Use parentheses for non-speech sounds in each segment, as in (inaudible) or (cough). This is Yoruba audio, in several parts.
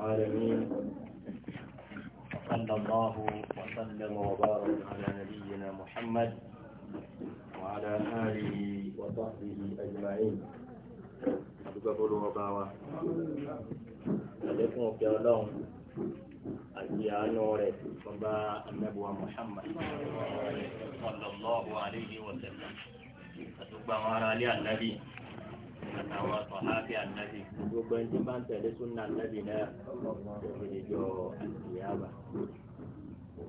العالمين صلى الله وسلم وبارك على نبينا محمد وعلى آله وصحبه أجمعين أدبه وباوة عليكم في الله àti àánú rẹ̀ bàbá anábùwà Muhammad sallallahu alayhi wa sallam àti gbogbo àwọn ará ilé ànábì àtàwọn sọ̀hábì ànábì gbogbo ẹni tí bá ń tẹ̀lé súnà ànábì náà lórí ìjọ àtìyába.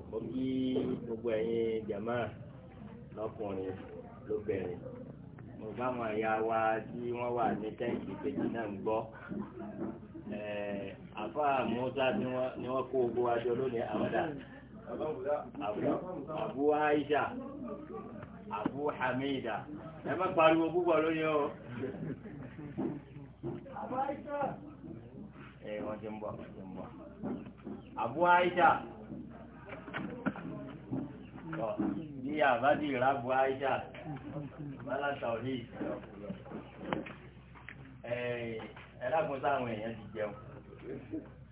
mo kí gbogbo ẹ̀yin jàmá lọ́kùnrin lóbìnrin mo bá wọn ẹ̀yà wa tí wọ́n wà ní tẹ́ǹkì kejì náà ń gbọ́ àfa musa ni wọ́n kó gbogbo àjọ lónìí àwọn dà àbúrò àìsà. Abu Hamida ẹ má pariwo púpọ̀ lóye o. ẹ wọ́n ti ń bọ̀ wọ́n ti ń bọ̀ Abu Aisha ní àbádì Abu Aisha bálátà òní ẹ̀ẹ́dàgbọ́n sáwọn èèyàn ti jẹun.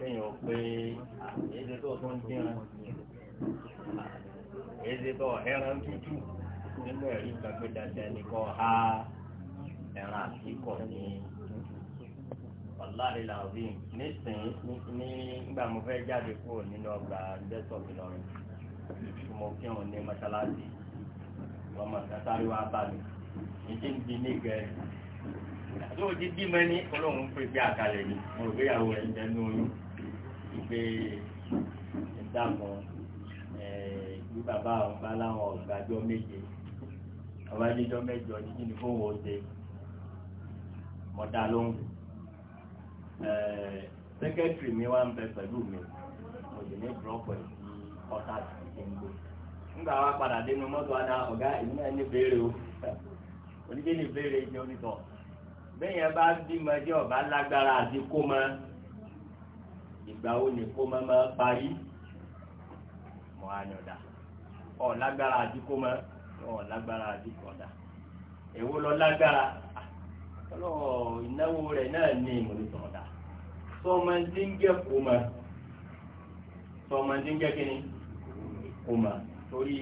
kéèyàn ó pé èyí tó tún dínran èyí tó ẹran tútù nínú ẹ̀rí kan pé dandan nìkan ha ẹran àtìkọ ní wàláàrí làbí nísìnyí ní nígbà mo fẹ́ jáde kúrò nínú ọgbà desktop Ìlọrin mo kírun ní mọ́ṣáláṣí wọ́n mọ̀ sátárì wá bá mi ìdí ń di ní gẹ̀ẹ́ tó o ti bí mẹ́ni olóhùn pépé àkàlẹ̀ ni mo rò pé ìyàwó rẹ̀ ń jẹ́ ní oyún ìgbé ìdàpọ̀ bí bàbá àwọn bá láwọn ọ̀gbàjọ́ méje ọba níjọ́ mẹ́jọ ní kí ni fóun ó ṣe mọ̀dá lóhùn sẹ́kẹ́tìrì mi wá ń bẹ pẹ̀lú mi mo sì ní búrọ́pọ̀ sí ọ̀tá tuntun gbé nígbà wá padà dénú mọ́tò àdá ọ̀gá èmi náà ní béèrè o oníkẹ́ ní béèrè jẹ́ onítọ̀ bẹ́ẹ̀ yẹn bá bímọ jẹ́ ọ̀bá lágbára àti kó mọ́ ìgbà wo ni kó máa máa parí mọ àyọ̀dà ọ̀ lágbára àdúgbò mọ́ ọ̀ lágbára àdúgbò ọ̀dà èwo lọ lágbára ah, ọlọ́ ìnáwó rẹ̀ náà ní ìmọ̀lẹ́sọ̀ ọ̀dà sọmọdé ń jẹ́ kó mọ́ sọmọdé ń jẹ́ kínní kó mọ́ torí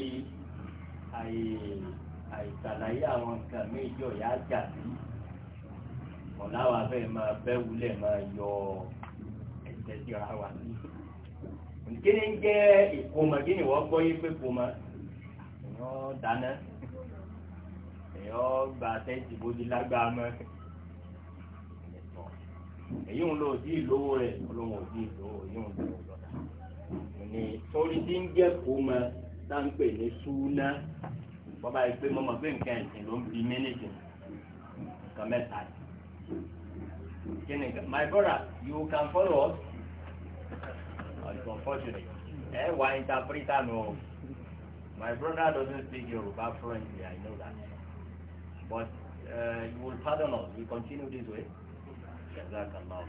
àìsàlàyé àwọn nǹkan méjì ọ̀yá jà sí ọ̀làwà fẹ́ máa bẹ́ wulẹ̀ máa yọ ọ́ ìfẹ́ sí ara wa kí ni jẹ́ ìkómọ kí ni wọ́n gbọ́ yí pé kómọ èèyàn dáná èèyàn gba tẹ́ǹtì bójú lágbára mọ́ èyí ń lò sí ìlówó rẹ̀ olóhùn òdì ìlówó èyí ń lò lọ́dà ní torí tí ń jẹ́ kómọ táǹpè ní súná bọ́bá yìí pé mọ́mọ́ pé nǹkan ẹ̀sìn ló ń bi mínítì nǹkan mẹ́ta kí my brother you can follow us. It's unfortunate. Eh, why interpreter no? my brother doesn't speak Yoruba fluently I know that but uh, you will pardon us we continue this way jazakallah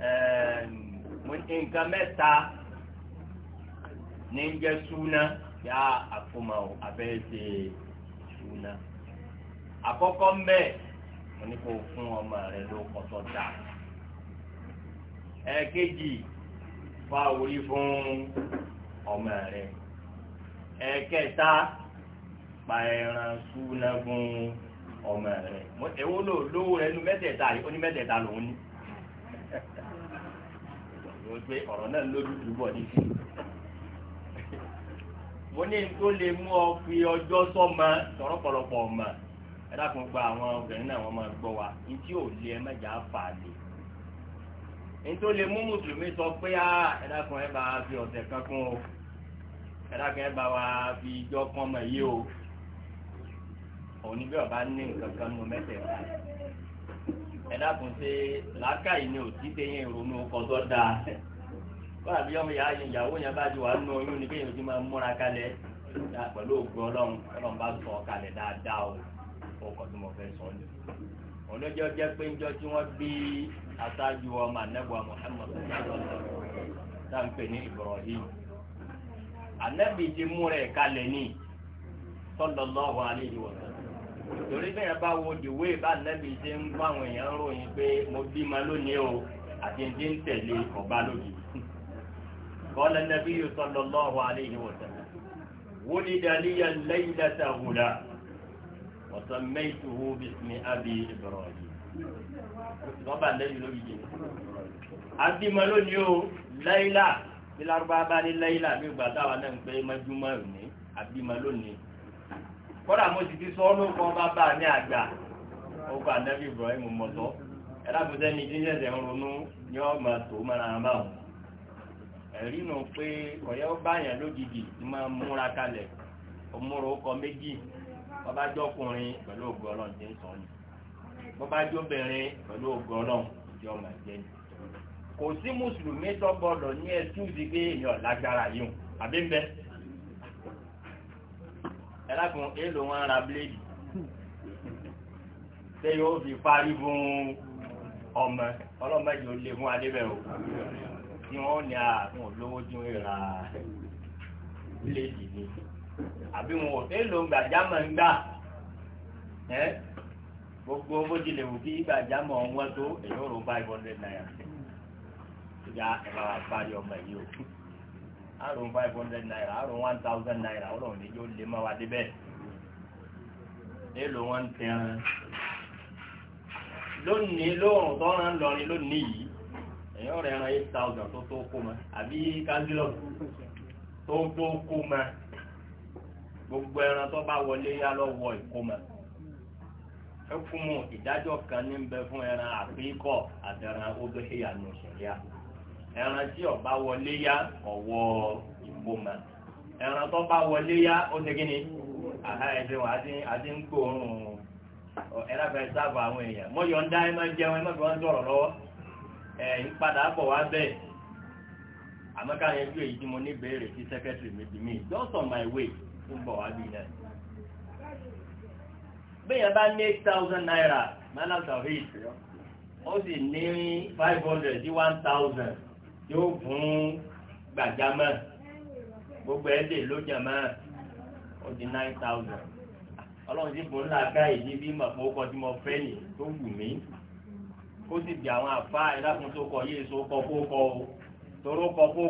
khairan. nǹkan mẹ́ta ní jẹ́ súná yá àfọmọ́ abẹ́ ṣe súná àkọ́kọ́ mbẹ́ mo ní kó fún ọmọ rẹ ló kọ́tọ́ dáa ẹ̀ẹ́kejì fa orí fún ọmọ rẹ ẹ̀kẹta pa ẹran súná fún ọmọ rẹ èwo ló lówó rẹ nu mẹ́tẹ̀ẹ̀ta yìí ó ní mẹ́tẹ̀ẹ̀ta lòún ní ó gbé ọ̀rọ̀ náà lójú túbọ̀ ní sí mo ní tó lè mú ọ fi ọjọ́ sọ́mọ tọ̀rọ̀ ọmọ ẹ dákun gba àwọn obìnrin náà wọ́n máa gbọ́ wa ní tí ò lé ẹ mẹ́jà fà lè nítorí lè mú mùsùlùmí sọ pé á ah, ẹ̀dàkùn ẹ̀ bá a fi ọ̀sẹ̀ kan kún o ẹ̀dàkùn ẹ̀ bá wa fi ìjọ kan ọmọ yìí o òun ni bí ọba ní nǹkan kan nù mẹ́tẹ̀ẹ̀ta ẹ̀dàkùn ṣe làákàyè ni òtí tẹ̀yìn ìrònú ọkọ̀ tó dáa wọ́n àbí ọmọ ìyá yẹn ìyàwó yẹn bá ti wà nù oyún ni kéèyàn ti máa múra kalẹ̀ pẹ̀lú ògùn ọlọ́run ọlọ́run bá sọ kalẹ̀ dáadáa o ọkọ̀ tó mọ̀ fẹ́ sọ olójó jẹ́ pé ńjọ tí wọ́n bí aṣáájú ọmọ anábọ̀ Muhammad sáńpẹ̀ ní Ibrahim anábì ti mú rẹ̀ kalẹ̀ ní sallallahu alaihi wa sallam torí bí yẹn bá wo dìwé bá anábì ti ń bá àwọn èèyàn ròyìn pé mo bímọ lónìí o àti ti ń tẹ̀lé ọba lónìí قال النبي صلى الله عليه وسلم ولد لي الليلة غلام وسميته باسم أبي إبراهيم bọ́bà lẹ́yìn ló yìí abimọ lónìí o lẹ́yìnlá bí lárúbá bá ní lẹ́yìnlá bí ìgbà táwa náà ń pẹ́ mẹ́júmọ́ òní abimọ lónìí kọ́dà mo ti ti sọ ọ́ ló kọ́ bàbá mi àgbà ó kọ́ ànábì Ibrahim mọ̀tọ́ ẹ̀rábùsẹ́ ni jíjẹ́ ẹ̀sẹ̀ ń ronú ní ọmọ tó mara àmà o ẹ̀rí nù pé ọ̀yẹ́ ó báyàn lójijì ti máa múra kalẹ̀ òmùrò ó kọ méjì bàbá jọkùnrin pẹ̀lú ògùn ọlọ́run jẹ́ sọ ni bàbá jọbìnrin pẹ̀lú ògùn ọlọ́run jẹ́ ọmọ ẹ̀jẹ̀ ni. kò sí mùsùlùmí tó gbọdọ̀ ní ẹ̀sùn pé èèyàn lágbára yìí àbí ń bẹ. ẹ lákùn èèlò wọn ra bíléèdì ṣé yóò fi parí fún ọmọ ọlọ́mọdé ó lé fún adébẹ̀ o tí wọ́n ní àwọn olówó tí wọ́n ra bíléèdì ni àbí wọn ò fẹ́ lò ń gbàjámọ̀ ń gbà ẹ́ gbogbo bó ti lè wù kí gbàjámọ̀ ń wọ́n tó èyí ò rò five hundred naira ya ẹ bá wa parí ọmọ yìí o àrùn five hundred naira àrùn one thousand naira ọlọ́run ní yóò lè má wa débẹ̀ èlò wọn ń tẹran lónìí lóòrùn tọ́ran lọrin lónìí yìí èyàn rẹ̀ ran eight thousand tó tó kó ma àbí kájúlọ̀ tó tó kó ma. gbogbo ẹran tó bá wọlé yá lọ́wọ́ ìkómọ ẹkùnmù ìdájọ́ kan ní bẹ fún ẹran ẹran tí ọwọ ìkómọ ẹran tó bá wọlé yá ó ṣe kí ni àhá wọn àti ń ẹran fẹẹ sáàbù àwọn èèyàn mọyọ ń dá ẹ máa jẹun ẹ máa fi wọn ẹ ń padà ní sí ń bọ̀ wá bí náà bá ní naira mọ́nà tàbí ó sì ní five sí one yóò fún gbàjámọ́ gbogbo ẹ̀ dè ó di nine ọlọ́run sì fún ńlá ìdí bí màpọ̀ ọkọ̀ tí mo fẹ́ nì tó wù mí ó sì bí àwọn àfa ẹ̀dá tó kọ yé so kọ kó kọ o toró kó kọ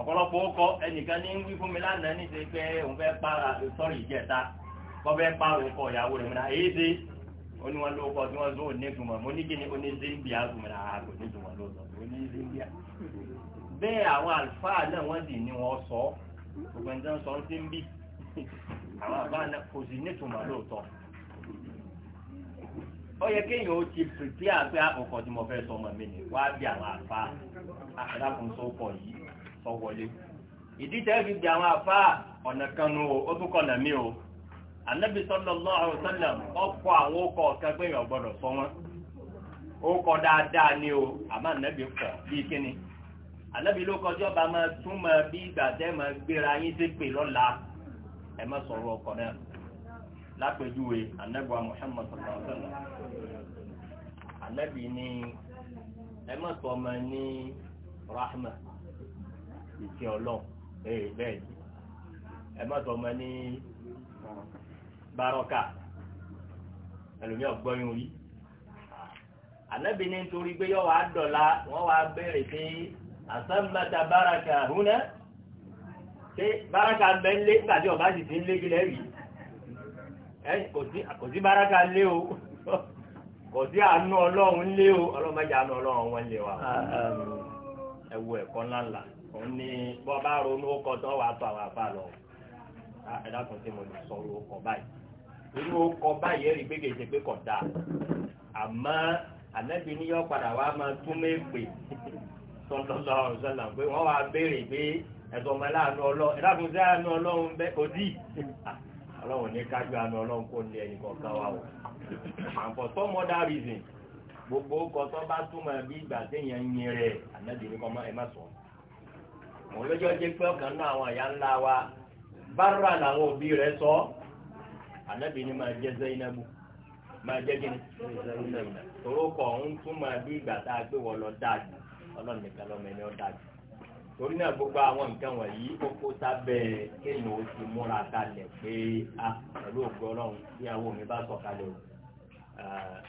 ọ̀pọ̀lọpọ̀ ọkọ ẹnìkan ní wí fún mi lánàá ní ṣe pé òun fẹ́ para sọ́rí ìjẹta kọ́ fẹ́ para ọkọ̀ ìyàwó rẹ̀ múra èyí ṣe ní wọn lóko tí ní oní zimbia ní ah, ló sọ oní zimbia. bẹ́ẹ̀ àwọn àlùfáà náà wọ́n ní wọ́n sọ sọ ń àwọn ó yẹ kéèyàn ó ti pèpè àgbẹ̀ àkọ́kọ́ tí mo fẹ́ sọ ọmọ mi wá ọwọlé ìdíjẹ́ fi gbé àwọn afá ọ̀nà kan o o anabi sallallahu alaihi ọkọ àwọn ọkọ ọ̀kan pé èèyàn gbọ́dọ̀ sọ ni o àmọ́ anabi kọ bíi kíni anabi ló kọjú ọba máa túmọ̀ bí ìgbà tẹ́ máa gbéra yín sí pè lọ́la ẹ má anabi ẹ rahma. iṣẹ́ ọlọ́run ee bẹ́ẹ̀ ni ẹ má sọ ọmọ ní bárọ́kà ẹlòmí ọgbọ́yún orí ànábì ní nítorí pé yọ wà wọ́n wà bẹ̀rẹ̀ pé àsámbàtà báraka húnà pé báraka bẹ́ lé gbàdí ọba sì ti ń lé rí kò sí lé o (laughs) kò sí àánú ọlọ́run lé o ọlọ́mọdé àánú ọlọ́run wọn lé wa ẹ̀kọ́ ńláńlá. òun ni bọ́ bá ronú ọkọ̀ tó wàá tó àwọn àbá lọ ah, ẹ̀dá kan tí mo lè sọ ọ́ ọkọ̀ báyìí irú ọkọ̀ báyìí ẹ̀rí pé pé kọ̀ dáa àmọ́ ànábi ní yọ padà wá máa tún mẹ́pẹ́ sọ́ńtọ́sọ́ ọ̀sọ́là pé wọ́n wá béèrè pé ẹ̀sọ́ ọmọ aláàánú ọlọ́run ẹ̀dá kan tí àánú ọlọ́run bẹ́ òdì ah, ọlọ́run ní kájú àánú ọlọ́run kò ní ẹnì kọ̀ọ̀kan wa o and for some other gbogbo ọkọ̀ bá túmọ̀ bí ìgbà téèyàn ń yin rẹ̀ ànábi ní kọ́ ẹ má sọ̀rọ̀ òun lọ́jọ́ jẹ́ pé ọ̀kan náà àwọn àyà ńlá wa bára làwọn òbí rẹ̀ sọ ànábì ni máa jẹ́ Zainabu máa jẹ́ gíní torókọ̀ ń tún máa bí ìgbà tá a gbé wọ lọ dáàbò ọlọ́run nìkan lọ́mọ ẹni ọ dáàbò torí náà gbogbo àwọn nǹkan wọ̀nyí kókó sábẹ́ kéèyàn ó ti múra kalẹ̀ pé a pẹ̀lú ògbó ọlọ́run tí àwọn omi bá sọ kalẹ̀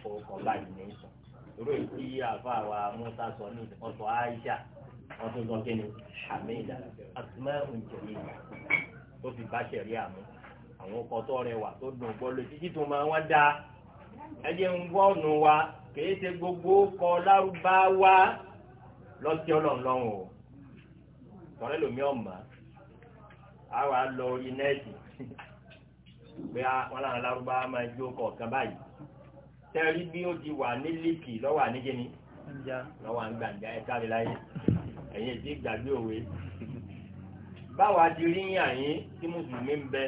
o òkọ̀ báyìí ní sọ torí èyí tí àfa wa Musa sọ ní ọ̀sọ̀ Aisha wọ́n tún sọ kí ni hamida asma'un jamila tó fi bá ṣẹ̀rí àmú àwọn ọkọ̀ tó rẹwà tó dùn gbọ́ lójú títí tó máa wọ́n dáa ẹjẹ ń wọ́ọ̀nù wa kìí ṣe gbogbo kọ lárúbáwá lọ́sí ọlọ́ọ̀lọ́hùn o tọ́lẹ́ lomi ọ̀mà á wà lọ orí nẹ́ẹ̀tì pé wọ́n láwọn lárúbáwá máa jó kọ̀ọ̀kan báyìí tẹ́rí bí ó ti wà ní líkì lọ́wọ́ àníjẹ́ni lọ́wọ́ àǹgbàǹdà ẹ̀ka rẹ̀ láyé. ẹ̀yin ti gbàgbé òwe báwa ti rí àyín tí mùsùlùmí ń bẹ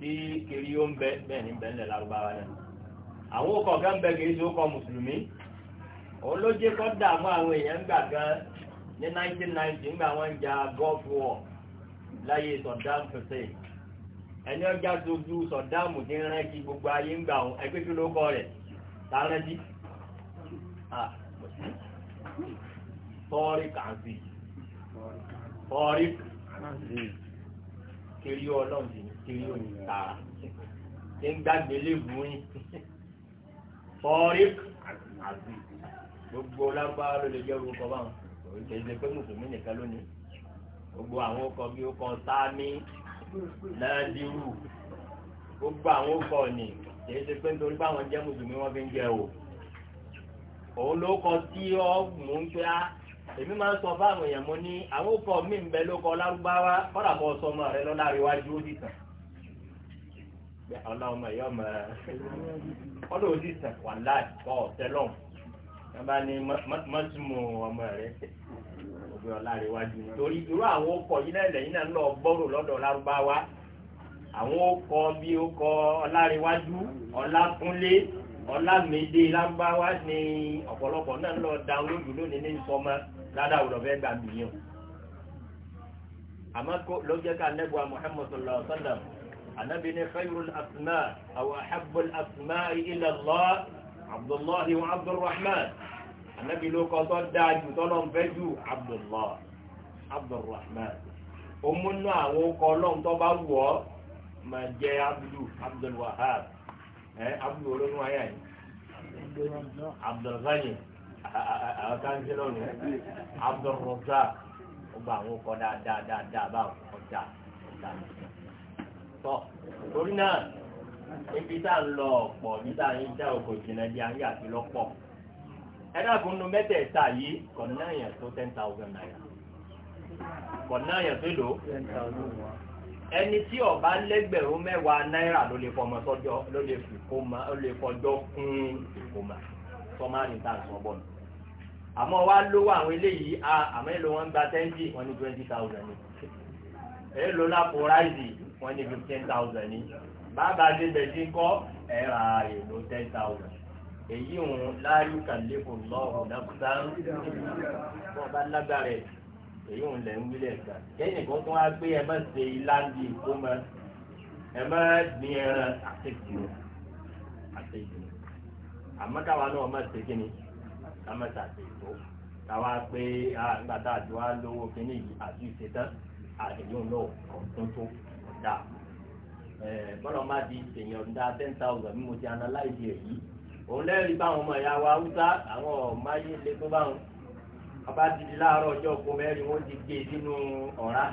tí kiri ó ń bẹ bẹ́ẹ̀ ni ń bẹ lárúbáwá náà àwọn òkọ̀ kan ń bẹ kì í òkọ̀ mùsùlùmí òun ló jẹ́ àwọn èèyàn gbà gan ní 1990 ńgbà wọ́n ń ja gulf war láyé ẹni ọjà ti rán gbogbo ayé ń gbà ẹgbẹ́ kí ló kọ́ a ah, tọ́ríkà sí tọ́ríkà sí kiri ọlọ́run sí kiri òyìnbá tí ń gbàgbé lébu yín tọ́ríkà sí gbogbo lágbára ló lè jẹ́ orúkọ báwọn kì ṣe pé mùsùlùmí nìkan lónìí gbogbo àwọn ọkọ bí ó kọ sáámi nàdírù gbogbo àwọn ọkọ ni kì ṣe pé nítorí báwọn jẹ́ mùsùlùmí wọ́n fi ń jẹ o òun ló kọ sí ọ mò ń pẹ́ á èmi máa ń sọ fáwọn èèyàn mo ní àwọn ọkọ mi ń bẹ lóko lárúbáwá kọ́dà kọ́ sọ ọmọ rẹ lọ́la rí wájú ó sì tàn ọlọ́run ọmọ ẹ̀yọ́ ọmọ ọlọ́run ó sì tàn wà láì kọ́ ọ̀tẹ́lọ́hùn yẹn bá ní mọ́tìmù ọmọ rẹ òbí ọ̀la rí wájú torí irú àwọn ọkọ yìí náà lẹ́yìn náà lọ gbọ́rò lọ́dọ̀ lárúbáwá àwọn ọkọ bí ọkọ ọláríwájú ọlákúnlé ọlámẹdẹ lárúbáwá ni ọ̀pọ̀lọpọ̀ náà lọ dáwọn lójú lónìí ní sọmọ ládàá òwúrọ̀ fẹ́ gbà mí yàn. àmọ́ ló jẹ́ ká nẹ́bù Muhammad sallallahu alaihi wasallam anabi ni khayrul asma aw ahabbul asma ila Allah abdullahi wa abdulrahman anabi ló kọ́ tó dáa jù tọ́lọ́ ń fẹ́ jù abdullahi abdulrahman omúnú àwọn ọkọ̀ ọlọ́run tó bá wù ọ́ máa abdu abdulwahab abdu olóńgbò ayé àyè àwọn kánsílọ̀ nù abdulrọ̀gá ó gba àwọn ọkọ̀ dáadáa dáadáa bá ọjà ọjà tọ́ torí náà ibi tá à ń lọ ọ̀pọ̀ ibi tá à ń dá òkò ìjìnlẹ̀ di ayé àti lọ́pọ̀ ẹ dàgbọ́n nu mẹ́tẹ̀ẹ̀ta yìí kọ̀ náà yẹn tó ten thousand naira kọ̀ náà yẹn tó lò ẹni tí ọba lẹ́gbẹ̀rún mẹ́wàá náírà ló lè fọmọ sọ́jọ́ ló lè fi kó ma ló lè fọjọ́ kún ìkómà sọ́mà ní tá àmọ́ wá lówó àwọn eléyìí àmọ́ èlò wọn gba tẹ́ńtì wọn ní twenty thousand ni èlò lápò ráìsì wọn ní fifteen thousand ni bàbá débẹ̀ sí kọ́ ẹ̀ ra èlò ten thousand èyí òun láàyò kàlẹ́kù lọ́ọ̀hún dákútà wọn bá lágbára ẹ̀ èyí òun lẹ̀ ń wílẹ̀ gbà kẹ́yìn kan tó wá gbé ẹ má ṣe ìlànà ìkómọ ẹ má ní ẹran àtẹ̀jù àtẹ̀jù àmọ́ káwa náà má ṣe kí ni kámẹ́tàtì ètò káwá pé nígbà tá a ti wá lówó kínní yìí àti ìṣetán àdéhùn náà ọ̀tún tó ọ̀dà bọ́lá má di èèyàn dá ten thousand mímú ti analyze èyí òun lẹ́rìí báwọn ọmọ ìyá wa haúsá àwọn ọmọ ayé le tó báwọn ọba ti di láàárọ̀ ọjọ́ oko mẹ́rin wọ́n ti gbé e sínú ọ̀rá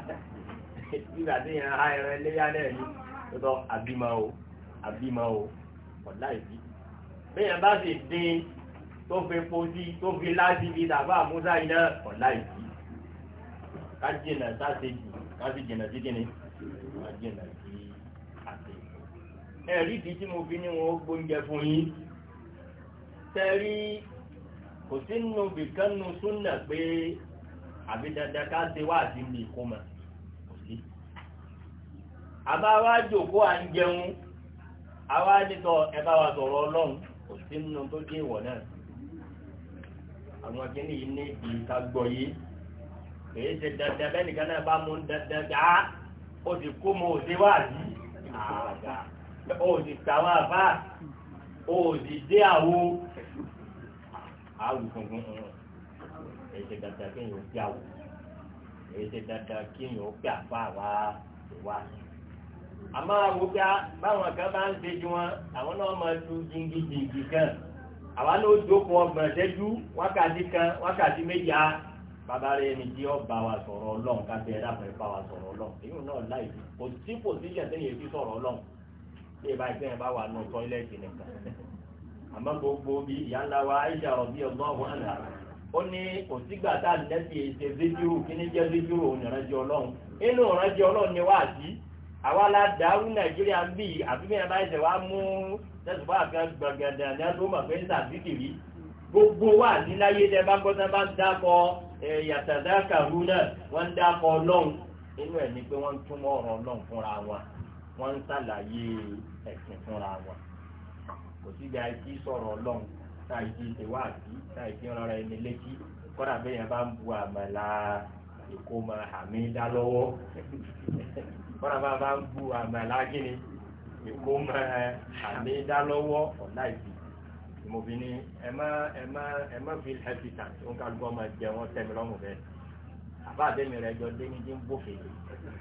nígbà tí yẹn ha ẹran ẹlẹ́yà náà ni tó tọ́ àbímọ o àbímọ o ọ̀dà ìdí bẹ́ẹ̀ bá sì dín tó fi posí tó fi láti fi dàbà àmúdá iná ọ̀la ìdí ká jìnà sáṣejì ká sì jìnà sí kíni ká jìnà sí àṣejì. ẹ̀rí ìdí tí mo fi ní wọn ó gbóúnjẹ fún yín tẹ́rí kò sí nínú bìkan nínú súnà pé àbí dandan ká ṣe wá àti mi kó mọ̀ kò sí. àbá wa jòkó à ń jẹun àwa nítọ̀ ẹ bá wa sọ̀rọ̀ ọlọ́run kò sí nínú tó dé ìwọ̀ náà àwọn kíní yìí ní ìdí ká gbọ́ yìí èyí ṣe dandan bẹ́ẹ̀ nìkan náà bá mú dandan dá ó ti kó mọ òde wá sí ó ti tàwọn àbá ó ti dé àwo àwù funfun èyí ṣe dandan kí yóò gbé àwò èyí ṣe dandan kí yóò gbé àbá wa wá àmọ́ àwọn báwọn kan bá ń ṣe ju wọn àwọn náà máa lu jìngìjìngì kan àwa ló jókòó ọgbọ̀n ìṣẹ́jú wákàtí kan wákàtí méjì á bàbá rẹ̀ ni tí ó bá wa sọ̀rọ̀ ọlọ́run ká bẹ́ẹ̀ dábàá bá wa sọ̀rọ̀ ọlọ́run èyí náà láì fi kò sí pòsíṣàn tẹ́yìn èyí sọ̀rọ̀ ọlọ́run bí ìbá ìgbẹ́ yẹn bá wà nù tọ́ílẹ̀tì nìkan àmọ́ gbogbo bí ìyá ńlá wa Aisha rọ̀bí ọlọ́run àná ó ní kò sígbà tá a nẹ́sì ṣe fídíò kí ní jẹ́ fídíò òun ìrànjẹ́ ọlọ́run inú ìrànjẹ́ ọlọ́run ni wá àti àwa la dàrú nàìjíríà ń bì àbí mi àbá ẹsẹ̀ wa mú tẹ̀sùbọ́ àfihàn gbọ̀ngàdà ní ọdún mọ̀fẹ́ ní sàbíkìrì gbogbo wa níláyé tẹ bá gbọ́dọ̀ bá ń dákọ̀ yàtàdá kàrú náà wọ́n ń dákọ̀ ọlọ́run inú ẹ̀ ni pé wọ́n ń túmọ̀ ọ̀rọ̀ ọlọ́run fúnra wọn wọ́n ń sàlàyé ẹ̀sìn fúnra wọn kò síbi àìsí sọ̀rọ̀ ọlọ́run táìsí ìṣèwà àti táìsí rárá ẹni létí kọ́dà bẹ́ẹ̀ yẹn bá ń bu àmàlà ìkómọ àmì dá (laughs) kọ́ra bá bá ń bu àmàlà gíní èkó mọ àmì dálọ́wọ́ ọ̀la ìbí ìmòfin ni ẹ má ẹ má ẹ má fi hesitant ó ń kálukọ́ máa jẹ wọ́n tẹ̀mí lọ́mù bẹ́ẹ̀ àbá àdémi rẹ jọ dé ní dín bófin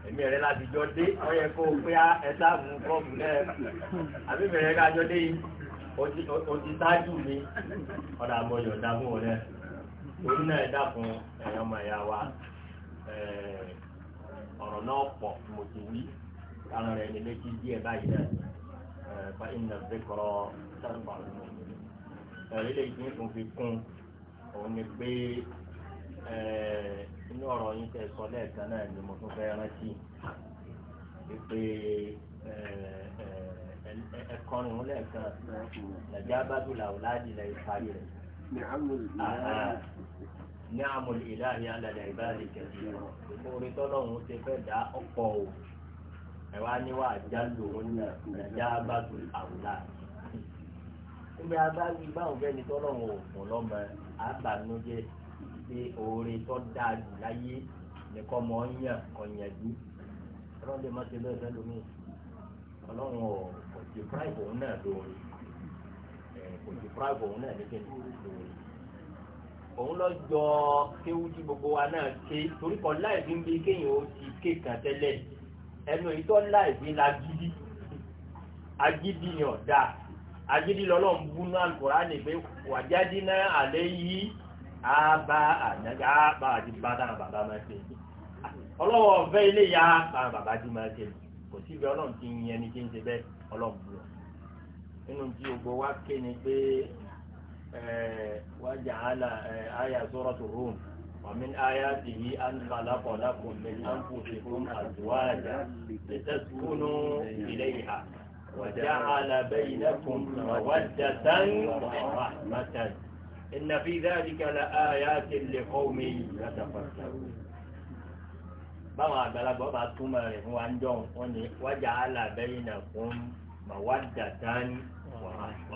èmi rẹ láti jọ dé ọyẹ kó o pé ẹsẹ àmú kọ́ọ̀bù náà àbí mi rẹ ká jọ dé yìí o ti ṣáájú mi ọ̀dà àbọ̀yọ̀ dàbọ̀ rẹ torí náà ẹ dákun ẹ̀yọ́mọ̀ ẹ̀yà wa ẹ̀ẹ́ ọ̀rọ̀ náà pọ̀ mo ti wí ara rẹ̀ ní méjì díẹ̀ báyìí náà fa iná zikọrọ sábà ẹ̀rí lè dín fún fi kún òun ni pé inú ọ̀rọ̀ yín tẹ̀ sọ lẹ́ẹ̀kan náà ni mo tún fẹ́ rántí pé ẹ̀kọ́ ni lẹ́ẹ̀kan nàìjíríà bá dùn làwọn láàdì lẹ́yìn parí rẹ̀ ní àmọ̀ ìlàhí alẹ́lẹ́ ìbáraẹ̀ kẹ̀sì rẹ̀ orí tọ́lọ́hún ti fẹ́ dá ọ̀pọ̀ o ẹ̀wá níwá àjálù òun náà ẹ̀já bá tu àwùlá. níbi abáwí báwọn fẹ́ni tọ́lọ́hún ò fún lọ́mọ àbànújẹ́ pé orí tọ́ dáa jù láyé nìkan mọ̀ ń yàn ọ̀yànjú ọlọ́run lè má ṣe bẹ́ẹ̀ fẹ́ lómi ọlọ́run kò ti fúráìbù òun náà lóore kò ti fúráìbù òun náà nígbà òun lọ jọ kéwú tí gbogbo wa náà ké torí kan láìpín bí kéèyàn ó ti ké kan tẹ́lẹ̀ ẹnu ìtọ́ láìpín la gidi agidi yàn dá agidi lọ́lọ́ ń bú náà kóra ní pé wàjáde náà àlẹ́ yí á bá ànágá á bá àti bá táwọn bàbá máa ṣe ọlọ́wọ́ ọ̀fẹ́ ilé ya táwọn bàbá ti máa ṣe kò sí ibi ọlọ́run ti yin ẹni tí ń ṣe bẹ́ẹ̀ ọlọ́run bú nínú tí gbogbo wa ké ni pé وجعل آية سورة الروم ومن آياته أن خلق لكم من أنفسكم أزواجا لتسكنوا إليها وجعل بينكم مودة ورحمة إن في ذلك لآيات لقوم يتفكرون báwọn àgbàlagbà bá túmọ̀ rẹ̀ fún wa ń jọ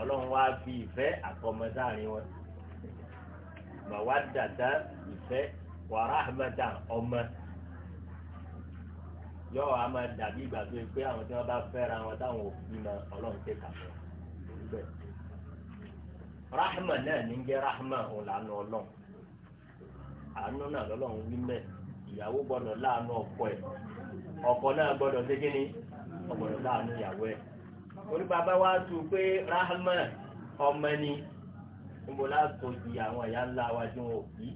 ọlọ́run wá fi ìfẹ́ àtọmọdáàrin wọn mawadata ìfẹ́ warahmata ọmọ yóò wá máa dàbí ìgbà tó yẹ pé àwọn tí wọ́n bá fẹ́ra wọn táwọn ọlọ́run kà fún rahma náà ní jẹ́ rahma òun lànà ọlọ́run àánú náà lọ́lọ́run wí mẹ́ ìyàwó gbọ́dọ̀ láàánú ọkọ ẹ̀ ọkọ náà gbọ́dọ̀ ṣe kí orí bàbá wa tù pé rahman ọmọ ni níbo láàtò di àwọn ìyá ńlá wa tí wọn ò bí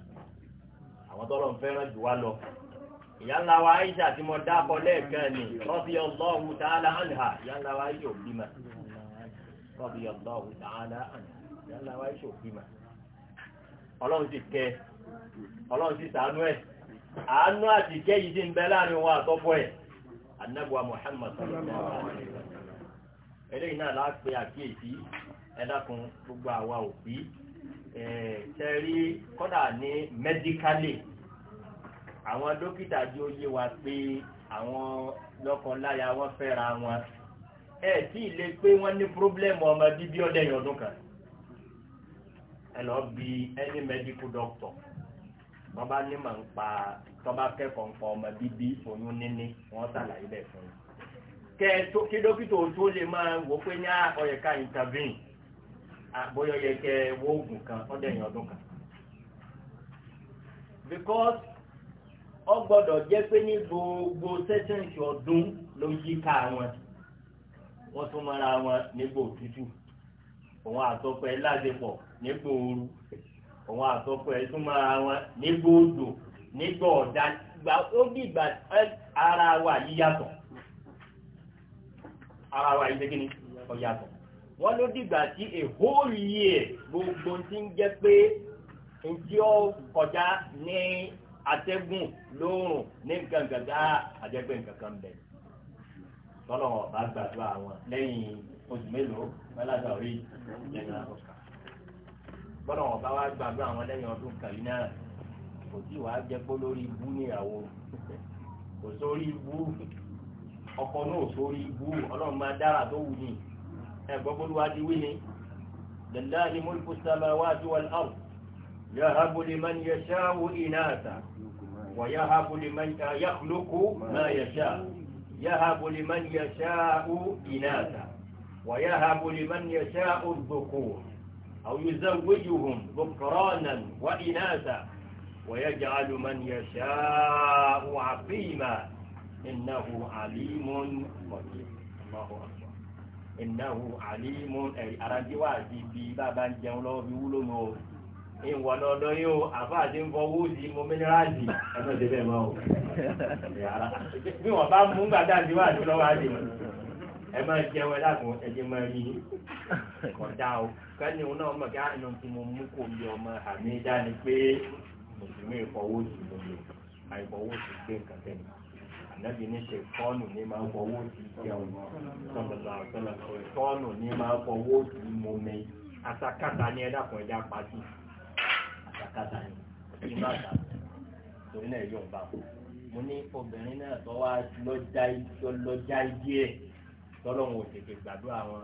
àwọn tọ́lọ̀ ń fẹ́ràn jù wá lọ ìyá ńlá wa Aisha tí mo dákọ lẹ́ẹ̀kan ni radiyallahu ta'ala anha ìyá ńlá wa Aisha ò bímọ radiyallahu ta'ala anha ìyá ńlá wa Aisha ò bímọ ọlọ́run ti kẹ ọlọ́run ti sàánú ẹ̀ àánú àti kẹ́ ti ń bẹ láàrin wa àtọ́kọ ẹ̀ anábùwà Muhammad sallallahu wa sallam eléyìí náà láàpẹ àkíyèsí ẹ̀dákun gbogbo àwa òbí tẹ́rí kọ́dà ní mẹ́díkálì àwọn dókítà jí ó yé wa pé àwọn lọ́kọláya wọ́n fẹ́ra wọn ẹ̀ tí ilé pé wọ́n ní pírọ́blẹ́mù ọmọ bíbí ọdẹ́yìn ọdún kan ẹ lọ bí ẹni mẹ́díkù dọ́kítọ̀ wọ́n ní màá ń pa tọ́ba kẹ́kọ̀ọ́ ń pa ọmọ bíbí oyún níní wọ́n ṣàlàyé bẹ́ẹ̀ fún yín. kí dókítà tó lè máa wò pé ní ọ̀yẹ̀ ah, ká intervene àbóyọ ah, yẹ kẹ wo oògùn kan ọ̀dẹ̀yìn ọdún kan. because ọ pé ní gbogbo ọdún ló yí ká wọn tún wọn nígbò òun nígbò ooru òun tún wọn nígbò odò nígbò ó bí ìgbà ara wa ara wa ìṣe kíni ọ̀yàtọ̀ wọ́n ló dìgbà tí a whole year gbogbo ti ń jẹ́ pé ntí ó kọjá ní atẹ́gùn lóòrùn ní nǹkan gàgà àjẹgbẹ́ nǹkan kan bẹ̀ tọ́lọ̀ ọ̀bá gbàdúrà wọn lẹ́yìn oṣù mélòó mẹ́láta orí lẹ́yìn àkọ́kọ́ tọ́lọ̀ ọ̀bá wa gbàdúrà wọn lẹ́yìn ọdún kan kò tí wàá jẹ́ pé lórí ibú níyàwó kò sórí ibú ọkọ náà sórí ibú ọlọ́run máa dára tó wù ní ẹ̀gbọ́n gbọ́dọ̀ wá di wí ni lillahi mulku samawati wal ard yahabu liman yasha'u inatha wa yá yahabu liman yakhluqu ma yasha'u yahabu liman yasha'u inatha wa yá yahabu liman yasha'u dhukur aw yuzawwijuhum dhukranan wa wà yá inatha ويجعل من يشاء عقيما innahu alimun mọ̀tì Allahu akbar innahu alimun ẹ̀rí arájíwá àti ibi bàbá ń jẹun lọ́wọ́ fi wúlò mọ́ o ìwọ̀n lọ́dọ̀ yóò àfáà ti ń fọ wúùsì mo mínírààlì ẹ̀fọ́ ti bẹ́ẹ̀ mọ́ o bí wọ́n bá mú gbàdá sí wà ní lọ́wọ́ àdìmọ́ ẹ máa jẹun ẹ lákùn ẹjẹ máa rí kọjá o kẹ́ni òun náà mọ̀ kí àná tí mo mú kò lè ọmọ àmì dání pé mùsùlùmí ìfọwọ́sì mo lò àìfọwọ́sì gbé nǹkan tẹ̀lé ànábì ní ṣètọ́nù ní máa fọwọ́ sí jẹun sọ̀rọ̀lá ọ̀sọ̀lá ṣètọ́nù ní máa fọwọ́ sí mọ́mẹ́ àtàkàtà ní ẹ̀dàkùn ẹ̀dà pàtì àtàkàtà ní máa torí náà yóò bá mo ní obìnrin náà tó wá lọ́jà ìdí ẹ̀ tọ́lọ́hún ò tètè gbàdúrà wọn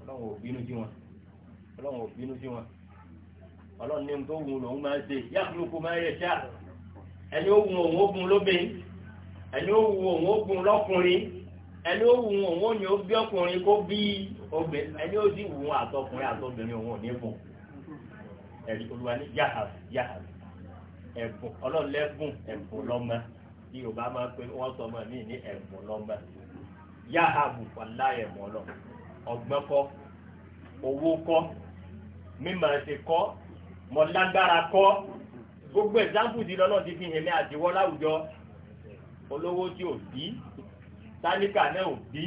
ọlọ́hún ò bínú sí wọn ọlọ́hún ò bínú sí wọn ọlọ́hún ní ẹni ó wu òun ó gun lọ́kùnrin ẹni ó wu òun ó ní ó bí ọkùnrin kó bí obìnrin ẹni ó sì wu àtọkùnrin àtọbìnrin òun ò ní bùn ẹ̀rí olúwa ní yahab yahab ẹ̀bùn ọlọ́lẹ́bùn ẹ̀bùn lọ́mọ bí yorùbá máa ń pe wọ́n sọ ọmọ mi ní ẹ̀bùn lọ́mọ yahab wàlá ẹ̀bùn ọlọ́ ọgbọ́n kọ́ owó kọ́ mímọ̀ ẹ̀sìn kọ́ mọ̀lágbára kọ́ gbogbo ẹ̀sáǹpù ti lọ́nà ti fi hẹ̀mí àtiwọ́ láwùjọ olówó tí ò bí tálíkà náà ò bí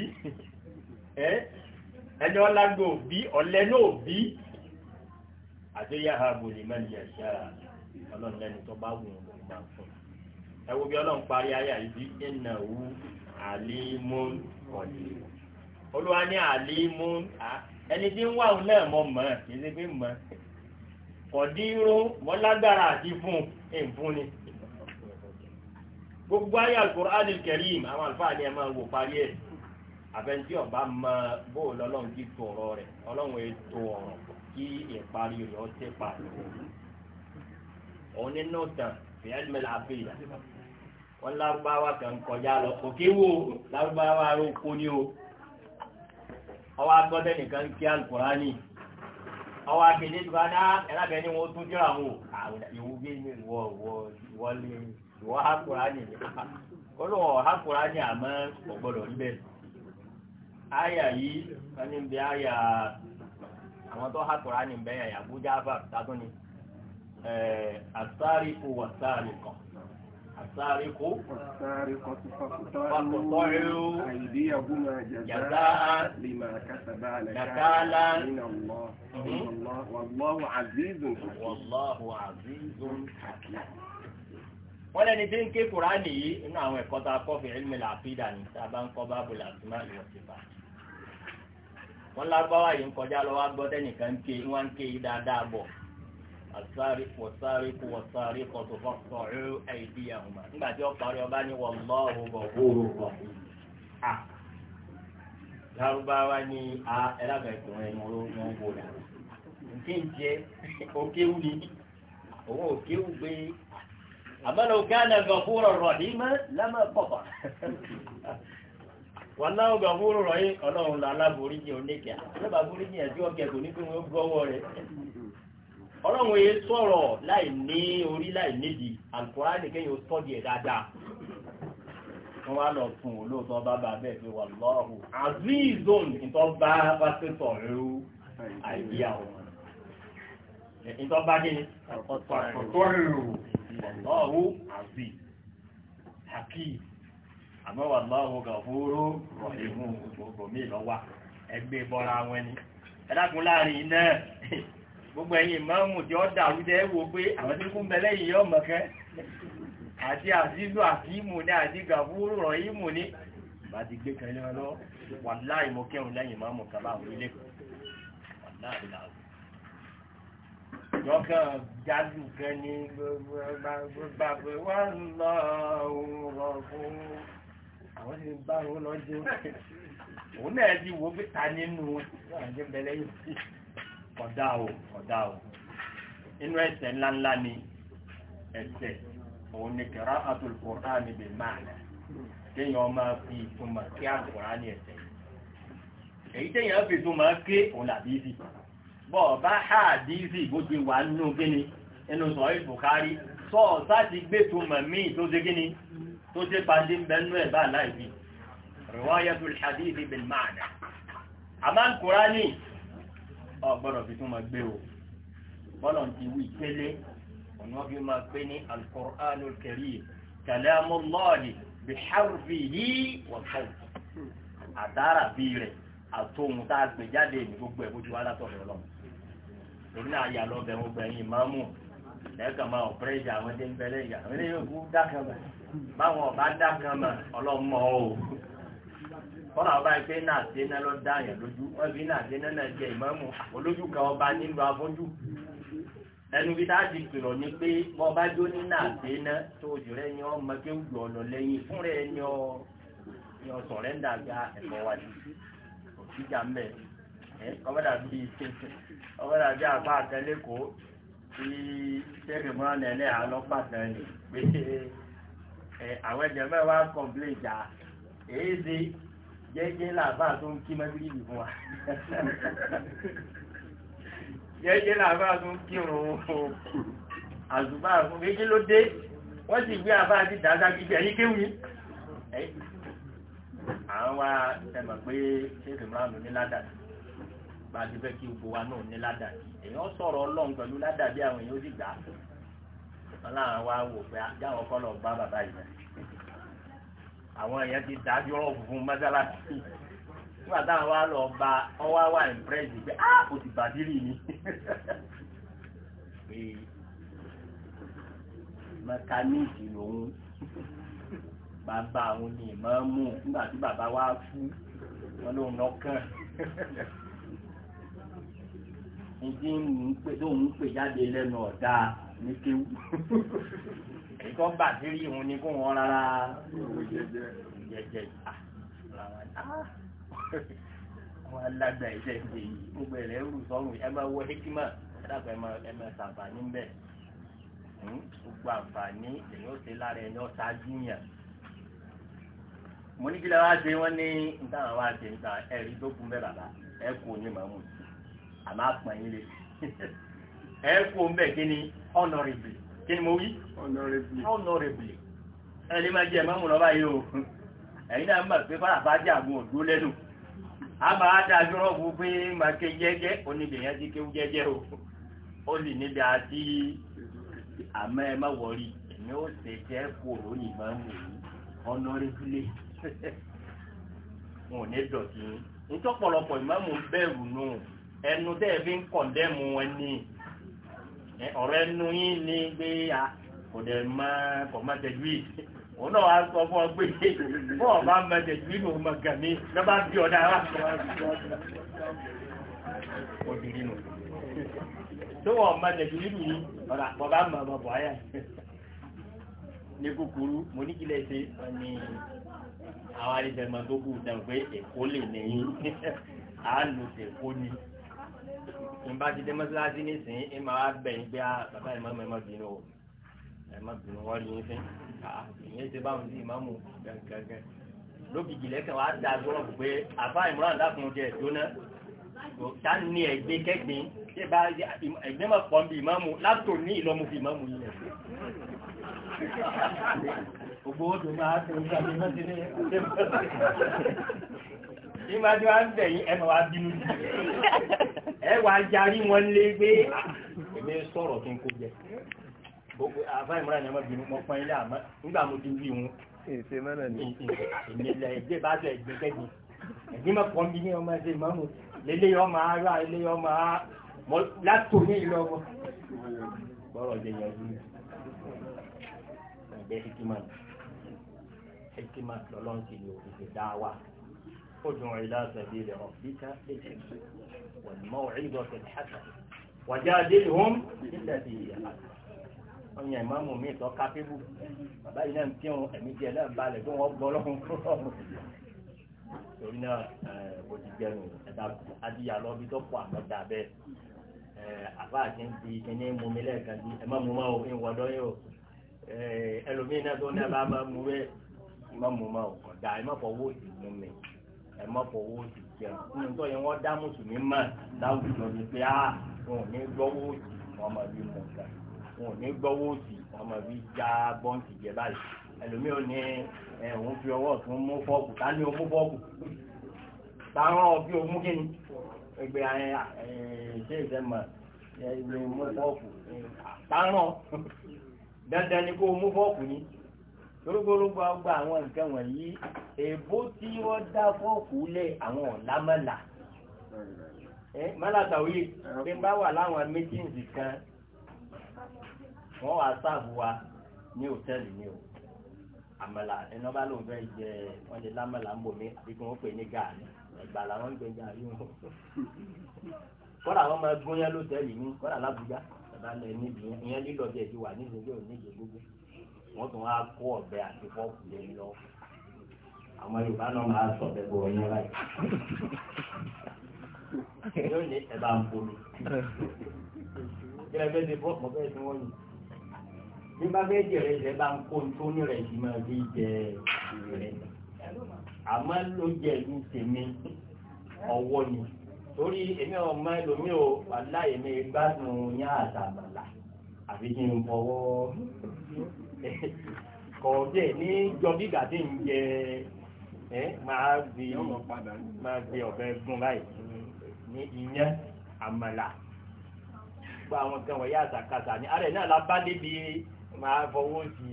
ẹni ọlágbó ò bí ọ̀lẹ́ náà ò bí àdéyà ààbò lè má lè ṣá ọlọ́run lẹ́nu tó bá wù ú ló máa fún un ẹ wo bí ọlọ́run parí ayé àyíbí ẹ̀nà wú àlímọ́ ọ̀dì olúwa ní àlímọ́ ẹni tí ń wà òun náà mọ̀ mọ́ kì í ṣe pé mọ́ kọ̀díró mọ́lágbára àti fún ẹ̀ fún ni gbogbo ayé alukur'an kẹrìm àwọn àlùfáà ni ẹ máa ń wò parí ẹ àfẹnjí ọba mọ bóòlù ọlọ́run ti tó ọ̀rọ̀ rẹ ọlọ́run ẹ tó ọ̀rọ̀ kí ìparí rẹ ọ ti pa òun nínú tàn fìyàdìmẹlẹ àfẹyà wọn lárúbáwá kan kọjá lọ òkè wo lárúbáwá ló kó ní o ọwọ́ agbọ́dẹ nìkan kí alukur'an yìí ọwọ́ akéde tó bá dá ẹlábẹ́ ni wọ́n tún jẹ́ra wọn ìwú gbé ní ìwọ ìwọ ìwọ ìwọ hákùrá ní olùwọ̀ hákùrá ní àmọ́ ọ̀gbọ́dọ̀ níbẹ̀ àyà yìí wọ́n bí àyà àwọn tó hákùrá ní bẹ́ẹ̀ àyà Abu Ja'far tátúni àsáríkù wàsáríkù kan àsáríkó fàkọ̀tọ̀ ẹ̀rọ àìdíyàwómà jàdá lèmà kásàbà nàkàlà wàlọ́wọ́ àzízùn wọ́n lẹ́ni tí ń ké kùránì yìí inú àwọn ẹ̀kọ́ tá a kọ́ fi ilmi làfídà ní tá a bá ń kọ́ báàbò làtúmọ̀ ìwọ̀sífà wọ́n lágbáwá yìí ń kọjá lọ́wọ́ gbọ́tẹ́nìkan ń ké wọ́n ń ké yìí dáadáa bọ̀ السارق والسارق والسارقة فاقطعوا أيديهما nígbà tí ó والله غفور رحيم lárúbáwá ní a ẹlábẹ̀kùnrin ẹnu ló ń wò rà jẹ òkéwù ni òun òkéwù gbé àmọ́nà ògáàna غفور رحيم lámà pọ̀pọ̀ غفور رحيم ọlọ́run yẹn sọ̀rọ̀ láì ní orí láì nídi àkùrá nìkan yóò tọ́jú ẹ̀ dáadáa wọ́n wá lọ fún un lóòótọ́ bá bá bẹ́ẹ̀ fi wà lọ́ọ̀hù azizon ìtọ́ bá bá ṣe sọ̀rọ̀ àìyá wọn ìtọ́ bá dé ní ọ̀tọ̀rọ̀ aziz hakim àmọ́ wà lọ́ọ̀hù gàfóró rọ̀lẹ́mú gbogbo mi lọ́wà ẹgbẹ́ bọ́ra wọn ni ẹ̀dàkùn láàrin náà gbogbo ẹ̀yin ìmáàmù tí ó dàrú jẹ́ wo pé àwọn tí kún bẹ́lẹ̀ yìí yọ́ mọ̀kẹ́ àti àzílù àkíìmù ní àti gàfúrú rọ̀ ìmù ní bá ti gbé kan lé wà láì mọ kẹrùn lẹ́yìn ìmáàmù kan bá wọlé náà ti wo pé ta nínú àjẹbẹlẹ yìí kọ̀dá o kọ̀dá o inú ẹ̀ṣẹ̀ ńláńlá ni ẹ̀ṣẹ̀ òun ni kẹ̀rọ àtòlùkọ̀rá ni bè máa nà kéèyàn máa fi ìtumọ̀ kí àkùrá ní ẹ̀ṣẹ̀ èyí téèyàn fi ìtumọ̀ ké òun làbí sí bọ́ bá háàdíìsì bó ti wà nínú kíni inú sọ ìbùkárí sọ ọ̀sá ti gbé ìtumọ̀ míì tó ṣe kíni tó ṣe pàdé ń bẹnu ẹ̀ bá láì bí rìwáyà tó lè hadíìsì bè máa nà àmà kùrá ọgbọ́dọ̀ fi tún máa gbé o bọ́lọ̀ ti wí tẹ́lẹ̀ ọ̀nà fi máa pé ní al-Qur'anul Karim kalamullahi bi harfihi wa sawti àtàrà bí rẹ̀ àtòhun tá a gbé jáde ní gbogbo ẹ̀ bójú wa látọ̀rọ̀ ọlọ́run lórí náà yà lọ́bẹ̀ wọn gbẹ̀yìn ìmáàmù lẹ́ẹ̀kan máa ò pẹ́rẹ́ àwọn ẹ̀dẹ́ ìyá àwọn ẹ̀dẹ́ yóò báwọn ọ̀bá dákan mọ̀ ọlọ́mọ kọ́nà ọba ìpé náà ṣe náà lọ dá àyàn lójú wọ́n fi náà ṣe náà jẹ ìmọ̀ọ́mù olójú kan ọba nílùú afọ́jú ẹnu bí táàdì kìlọ̀ ni pé wọ́n bá jó ní náà ṣe náà tó ojú rẹ ni wọ́n mọ kéwù lọ lọ lẹ́yìn fún rẹ ni ọ ni ọ sọ̀rẹ́ndà gba ẹ̀kọ́ wa ni kò síjà mbẹ ọbẹ̀dà bíi ọbẹ̀dà bíi àbá àtẹlẹ́kọ̀ọ́ tí àwọn ẹ̀jẹ̀ mẹ́wàá kọ̀m̀plé jà èyí jẹ́jẹ́ làbá tó ń kí mẹ́bílì fún wa jẹ́jẹ́ làbá tó ń kí òun àzùbá fún méjì ló dé wọ́n sì gbé àbá àti dáadáa gbígbé ẹ̀yìn kéwù ní àwọn wa ẹ̀mọ̀ pé ṣéèkì márùn ní ládàtì bá a ti fẹ́ kí gbogbo wa náà ní ládàtì èèyàn sọ̀rọ̀ ọlọ́run pẹ̀lú ládàbí àwọn èèyàn ó sì gbà á wọn láwọn wá wò pé àjáwọ̀ kọ́ lọ bá bàbá yìí náà àwọn èèyàn ti dájọ́ fún mọ́sálásí nígbà táwọn wá lọ bá ọwá wà ìmpírẹ́sì pé á ah, kò sì bàdírì ni (laughs) pé mẹkáníìkì lòun bàbá àwọn ni ìmọ̀ mú nígbà tí bàbá wá fú wọn lòun lọ́kàn ìdí ń pè tó ń pè jáde lẹ́nu ọ̀dà ní kéwù. (laughs) ìtọ́ bà sí rí òun ni kó wọn rárá jẹjẹ ah, ah. àwọn alágbà ìṣe ìṣe yìí gbogbo ẹ̀rẹ́ rù sọ́run ẹ máa wọ hekima ẹ dàgbà ẹ máa ṣàǹfààní ńbẹ hmm? gbogbo àǹfààní lèyìn ó ṣe lára ẹni ọ̀ṣáájú yàn mo ní kí lè wá ṣe wọ́n ní nǹkan wá ṣe nǹkan ẹ̀rí tó kún bẹ́ẹ̀ bàbá ẹ kú ní màmú àmọ́ àpọ̀nyìn lè (laughs) ẹ kú ń bẹ̀ kí ni honorable kí ni mo wí honorably ẹni máa jẹ́ mọ́mù lọ́wọ́ yìí o ẹ̀yìn náà mọ̀ pé fàràfà jẹ́ àgbọn òdó lẹ́nu a máa dájú rọ́ọ̀bù pé máa ké jẹ́jẹ́ o níbi èèyàn ti kéwú jẹ́jẹ́ o ó lì níbi àti àmọ́ ẹ má wọrí èmi ó ṣe jẹ́ kúrò yìnbọn mú yìí honorably wọn ò ní dọ̀tí nítọ́pọ̀lọpọ̀ ìmáàmù bẹ̀rù nù ẹnu tẹ́ẹ̀ fi ń kọ̀ndẹ́mù wọn ọ̀rẹ́ nu yín ní gbé a kò dẹ̀ mọ kò má tẹ̀jú yìí òun náà wá sọ fún ọ pé fún ọba má tẹ̀jú yìí lòun má gàmí lọ́ bá bí ọ̀dà wa. ó di nínú tó wọ́n má tẹ̀jú yìí lù yín ọ̀rọ̀ mọ̀ ọmọ bọ̀ ayà ní kúkúrú mo ní kílẹ̀ ṣe ni àwọn àlejò ẹ̀mọ́ tó kù dàn pé èkó lè nẹ̀yìn àánú tẹ̀kó ni ìbá ti dé mọ́sálásí nísìnyí ẹ máa bẹ̀yìn pé ah, bàbá ìmọ̀ ẹ̀mọ́ bínú o ẹ̀mọ́ bínú wọ́n rí yín fín ah, ìyẹn ti báwọn sí ìmáàmù gàgàgà lókìkì lẹ́kàn wá dáa gbọ́rọ̀ pé àbá ìmúràn dákun jẹ́ ìdóná ta ní ẹgbẹ́ kẹ́gbìn tí bá ẹgbẹ́ mọ̀ pọ̀ bí ìmáàmù látò ní ìlọ́mù fi ìmáàmù yìí gbogbo odò máa tó ń gbàgbé mọ́tí ní ẹgbẹ́ nígbà tí wọ́n bẹ̀ yín ẹ̀mọ̀ wá bínú ẹ wà jarí wọn lé gbé èmi sọ̀rọ̀ kí n kó jẹ gbogbo àfa ìmúra ni ọmọ bínú pọpọ ilé àmọ́ nígbà mo ti wí wọn. èsè mẹ́rin ni. ìmìlẹ̀ ẹgbẹ́ bá bẹ̀ ẹgbẹ́ gẹ́gẹ́ ẹgbẹ́ mọ̀ pọ́n bí ní ọmọ ẹgbẹ́ mọ́mù lélẹ́ ọmọ ara lélẹ́ ọmọ ara látò ní ìlú ọmọ bọ́rọ̀ jẹ yẹn ادع إلى سبيل ربك بالحكمة والموعظة الحسنة وجادلهم بالتي هي أحسن wọ́n yẹn ìmáàmù mi tọ́ kápẹ́bù bàbá yìí náà ń kírun ẹ̀mí díẹ̀ náà balẹ̀ tó wọ́n gbọ́ lọ́hùn fúnlọ́hùn torí náà bó ti jẹun ẹ̀dá adìyà lọ bí tó pọ̀ àmọ́ dà bẹ́ẹ̀ àbá àti ń di kíní mú mi lẹ́ẹ̀kan di ẹ̀ má mú ma o ń wọ́dọ́ yìí o ẹlòmíín náà tó ń dábàá má mú bẹ́ẹ̀ má mú ma o kọ̀ dà ẹ̀ má fọwọ́ ìmú mi ẹ má fọwọ́ òsì jẹun nínú tó yẹ wọ́n dá mùsùlùmí mọ̀ láwùjọ ni pé a ah, wọn ò ní gbọ́wọ́ òsì wọn máa fi mọ̀ ká wọn ò ní gbọ́wọ́ òsì wọn máa fi já bọ́ǹkì jẹ báyìí ẹlòmíì ò ní ẹ òun fi ọwọ́ tún mú fọ́ọ̀kù ká ní o fọ́ọ̀kù táwọn ọbí o kí ni ẹgbẹ́ ẹ ṣé ìfẹ́ mọ̀ ẹ ìlú mú fọ́ọ̀kù táwọn (laughs) dandan ni kó mú fọ́ọ̀kù ni gbogbogbò gba àwọn nǹkan wọ̀nyí èbó tí wọ́n dá fọ́ọ̀kù lé àwọn ọ̀lámọ́là mọ́là tàwí pé bá wà láwọn mítìǹsì kan wọ́n wà sáàbù wa ní hòtẹ́ẹ̀lì ni o àmàlà iná bá lóun fẹ́ jẹ wọ́n lè lámàlà ń bò mí àbí kí wọ́n pè ní gààrí ẹ̀gbà làwọn ń gbé gààrí wọn kọ́dà wọn máa gúnyán lóòtẹ́ẹ̀lì mi kọ́dà lábújá ẹ̀bá lẹ̀ níbi ìyẹn lílọ wọ́n tún wá kó ọ̀bẹ àti fọ́ọ̀kù lé lọ. àwọn yorùbá náà máa sọ ọ̀bẹ bọ̀ ọ̀yán láì. yóò ní ẹ̀ bá ń bomi. ìjọba ẹgbẹ́ ti fọ́ ọ̀pọ̀ bẹ́ẹ̀ tí wọ́n yìn. bí bá fẹ́ jẹ̀rẹ̀ ìjẹ́ bá ń kó tó ní rẹ̀ yìí máa fi jẹ ìrẹ̀. àmọ́ ló jẹ́ ìlú tèmi ọwọ́ ni torí èmi ọmọ ẹlòmí o wà láyé mi gbádùn yá àtàbàlà àbí kí n fọwọ́ kọ̀ọ̀dé ní jọbí gàdé ń jẹ ẹ máa gbé máa gbé ọ̀bẹ gun báyìí ní ìyẹn àmàlà gbogbo àwọn kan wọ̀nyí àzàkazà ni ààrẹ náà lábá débi máa fọwọ́ sí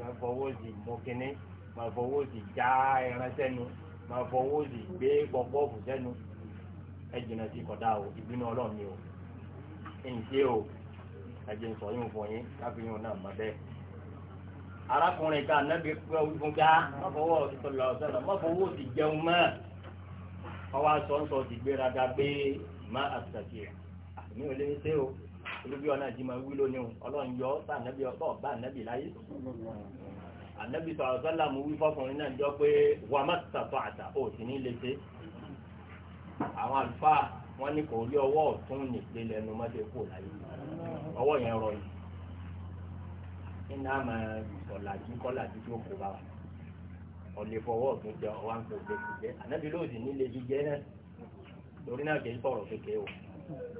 máa fọwọ́ sí mọ́kínní máa fọwọ́ sí já ẹran sẹ́nu máa fọwọ́ sí gbé pọpọ́ọ̀fù sẹ́nu ẹ jìnnà sí kọ̀dá o ìbínú ọlọ́ọ̀ni o ẹ̀ ń ṣe o ẹ̀jẹ̀ sọ yín fún yín káfí yín náà mọ̀ bẹ́ẹ̀. arákùnrin kan anábì pé ọwọ́ fún ká mọ́fọwọ́ sọlọ sọlọ mọ́fọwọ́ ti jẹun mọ́ ọwọ́ aṣọ ń sọ ti gbéraga pé má àtàkì àmì ah, ò lè ṣe o olùbí ọ̀nà àti máa wí lónìí o ọlọ́run yọ ọ́ bá ànábì ọ́ bá ànábì láyé ànábì sọ̀rọ̀ sọ́là mú wí fọkùnrin náà jọ pé wà má sàtọ̀ àtà ò sì ní lè ṣe àwọn àlùfáà wọn ní kò rí ọwọ́ ọ̀tún nìpele ẹnu láyé ọwọ́ yẹn rọ yìí nínú àmà ìsọ̀làjì kọ́làjì tí ó kó bá wa ọ̀lẹ́ fọwọ́ ọ̀tún jẹ ọwọ́ àǹkó òde ti jẹ ànábi lóòdì nílé jíjẹ náà lórí náà kì í sọ̀rọ̀ kékeré o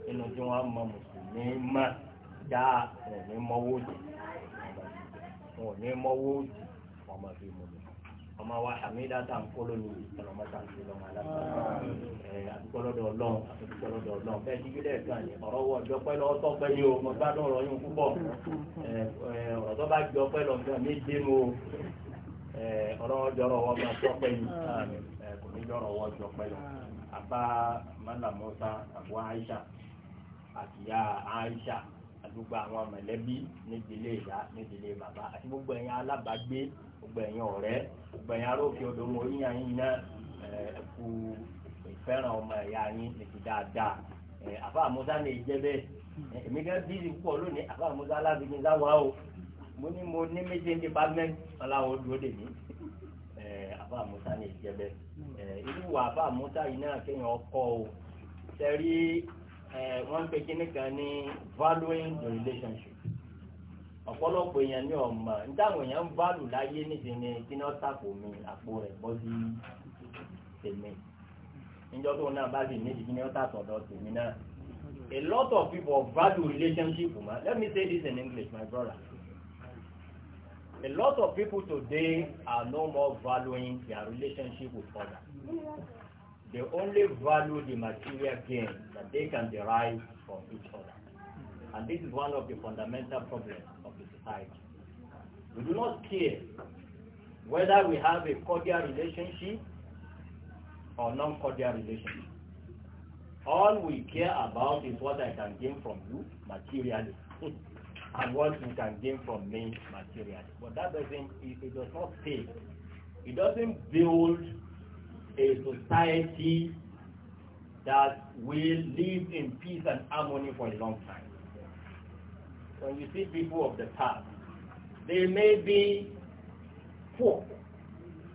nínú tí wọ́n mọ mùsùlùmí mọ́ já wọn ò ní mọ́wó jì fi mọ̀ mí ọmọ wa hamida tá n kolo ni ọlọmọ tá n ti lọmọ alága ẹ àdúgbọlọdọ Ọlọ́run àdúgbọlọdọ Ọlọ́run bẹ́ẹ̀ díjú lẹ́ẹ̀ kan ní ọ̀rọ̀ wọ ọjọ́ pẹ̀lú ọtọ pẹ̀lú o mo gbádùn ọ̀rọ̀ yín púpọ̀ ẹ ọ̀rọ̀ tó bá jọ pẹ̀lú ọjọ́ mi dé mo ẹ ọ̀rọ̀ jọrọ wọ ọmọ ọjọ́ pẹ̀lú ẹ kò ní jọrọ wọ ọjọ́ pẹ̀lú àbá mọlàmọta àbọ àyíṣà àtìyá àyíṣà àdúgbò àwọn mọ̀lẹ́bí nídìílé ìyá nídìílé bàbá àti gbogbo ẹ̀yin alábàágbé gbogbo ẹ̀yin ọ̀rẹ́ gbogbo ẹ̀yin aróòfin odò mo yín yín náà ẹ̀kú ìfẹ́ràn ọmọ ẹ̀yà yín lè fi dáadáa àfa àmúsá lè jẹ́ bẹ́ẹ̀ èmi gẹ́gẹ́ bí ìpọ̀ lónìí àfa àmúsá láti fi dá o mo ní mo ní méjì department aláwọ̀ dúró dè mí àfa àmúsá lè jẹ́ bẹ́ẹ̀ irú àfa àmúsá yìí náà kéèyàn kọ́ o ṣe rí wọ́n ń pe kíní kan ní valuing the relationship ọ̀pọ̀lọpọ̀ èèyàn ní ọ̀mà nítawọn èèyàn ń bálù láyé nísìnyí kí ní ọ́tàpọ̀ mi àpò rẹ̀ bọ́ sí tèmi níjọ́ tó náà bá sì níbi kí ní ọ́tàpọ̀ ọ̀dọ̀ tèmi náà a lot of people value relationship ma let me say this in English my brother a lot of people today are no more valuing their relationship with others they only value the material gain that they can derive from each other. And this is one of the fundamental problems of the society. We do not care whether we have a cordial relationship or non-cordial relationship. All we care about is what I can gain from you materially (laughs) and what you can gain from me materially. But that doesn't, it, it does not pay. It doesn't build a society that will live in peace and harmony for a long time when you see people of the past, they may be poor.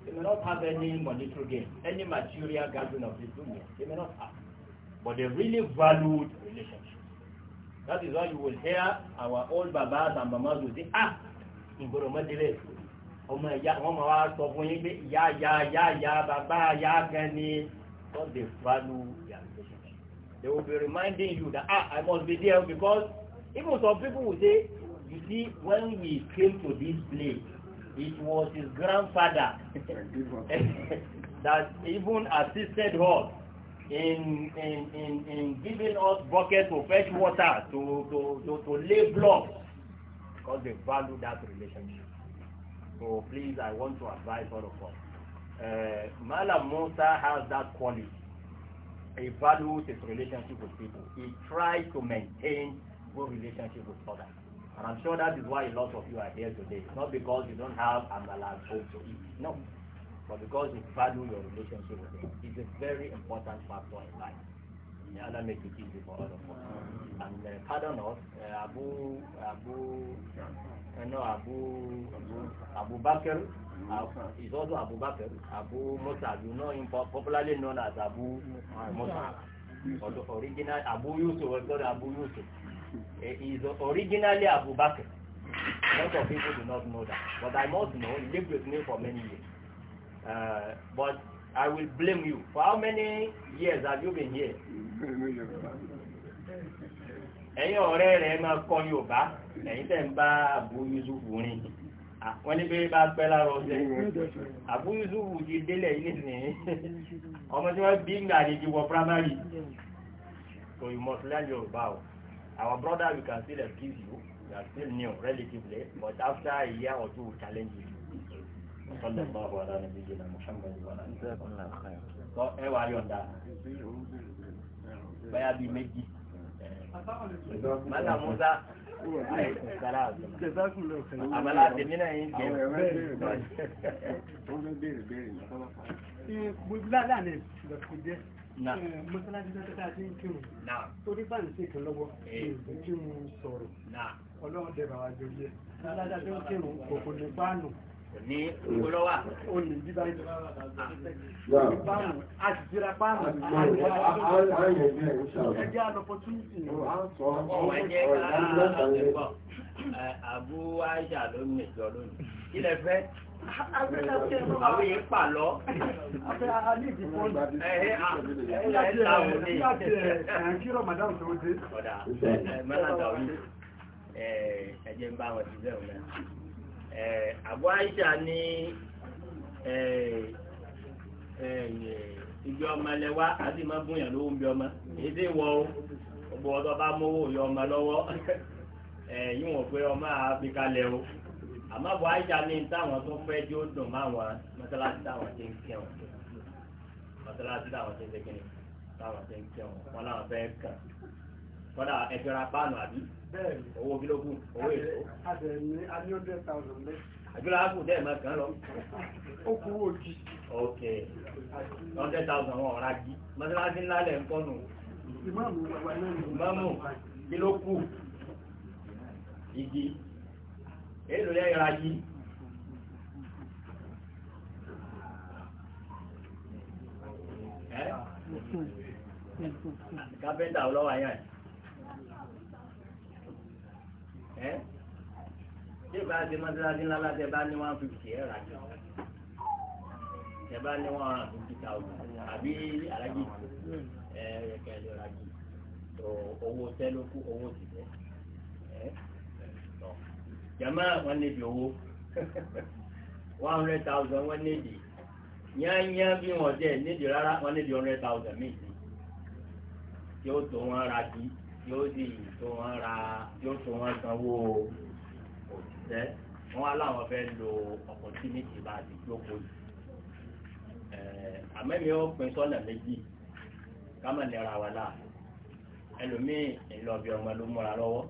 They may not have any monetary gain, any material gathering of this dunya. They may not have. But they really valued relationships. That is why you will hear our old babas and mamas will say, ah, Ngoromadele, ọmọ ìyá wọn wá sọ fún yín pé ìyá ìyá bàbá ìyá gan ni God value their relationship. They will be reminding you that ah I must be there because even some people will say, you see, when we came to this place, it was his grandfather (laughs) that even assisted us in, in, in, in giving us buckets of fresh water to, to, to, to lay blocks because they value that relationship. So please, I want to advise all of us. Uh, Musa has that quality. He values his relationship with people. He tries to maintain good relationship with others. And I'm sure that is why a lot of you are here today. It's not because you don't have a malad hope to eat. No. But because you value your relationship with them. It's a very important factor in life. May Allah make it easy for all of us. And uh, pardon us, uh, Abu, Abu, uh, no, Abu, Abu, Abu Bakr, uh, is also Abu Bakr, Abu Musa, you know him popularly known as Abu Musa. Or the original Abu Yusuf, was called Abu Yusuf is originally Abu Bakr. A lot of people do not know that. But I must know, he lived with me for many years. Uh, but I will blame you. For how many years have you been here? Ẹ̀yin ọ̀rẹ́ rẹ̀ máa kọ́ Yorùbá, ẹ̀yin tẹ̀ ń bá Abu Yusuf rìn. Wọ́n ní bí bá pẹ́ lára ọ̀sẹ̀. Abu Yusuf ti délẹ̀ yìí nìsín. Ọmọ tí wọ́n bí ń gbà ní ti wọ primary. So you must learn Yorùbá o. Our brother, we can still excuse you. You are still new, relatively. But after a year or two, we'll challenge you. صلى الله على نبينا محمد وعلى اله وصحبه. ẹ wà mọ́tà musa àbálá tèmi náà yín jẹ́ bóyá ní ìgbàkúkú jẹ́ mọ́sálásí tó tẹ́tà sí kírun torí bá ń ṣe kan lọ́wọ́ kírun sọ̀rọ̀ ọlọ́run dẹ̀ bàwá jọ jẹ́ ládàá tó kírun kòkòrò pàánù ní olówà Àbú Aisha ló ń mẹjọ lónìí. Ilẹ̀ fẹ́, àwọn yìí pà lọ. Ẹ̀hẹ́ àwọn ní ẹ̀kírọ̀ Madam tó dé. Ọ̀dà, mẹ́lá tàwọn ẹ̀jẹ̀ ń bá wọn ti bẹ́ẹ̀ àbọ̀ eh, àìsà ní ibi eh, eh, ọmọ ilẹ̀ wá àti ìmọ̀ búyàn ló ń bí ọmọ wọ o gbogbo bá mówó yọ ọmọ lọwọ (laughs) yíwọ̀n pé ọmọ àfikà lẹ̀ o àmọ́ àìsà táwọn tó fẹ́ dùn mọ́tàláṣí táwọn ti ń mọ́tàláṣí táwọn ti ń táwọn ti ń wọn fẹ́ kàn àbí. owó kílógún owó èso. àjọlá á kù dẹ́ẹ̀ máa kàn án lọ. ó kú owó jí. ok hundred thousand wọn ọ̀rá jí mọ́sálásí ńlá lẹ̀ ń kọ́nù. ìmáàmù kí ló kù igi èlò yẹ ìra jí. kápẹ́ńtà ọlọ́wà yẹn ẹ́ ṣé ìbá ṣe mọ́sálásí ńlá láti ẹ bá ní one fifty ẹ̀ rà jù ẹ bá ní one hundred fifty thousand àbí alájì ẹ̀ kẹ́ lè rà jù owó tẹ́lókù owó ti tẹ́ ẹ́ jama wọn níbi owó (laughs) one hundred thousand wọn níbi yányá bí wọn jẹ níbi rárá wọn níbi one hundred thousand míì tí ó tó wọn ra jù yóò di tó wọn ra yóò tó wọn sanwó òṣìṣẹ́ wọn wá láwọn fẹ́ lo opportunity bá a ti jókòó yìí àmẹ́mi ó pin sọ́nà méjì kámà nira wa láà ẹlòmíì ìlọ́bì ọmọ ló múra lọ́wọ́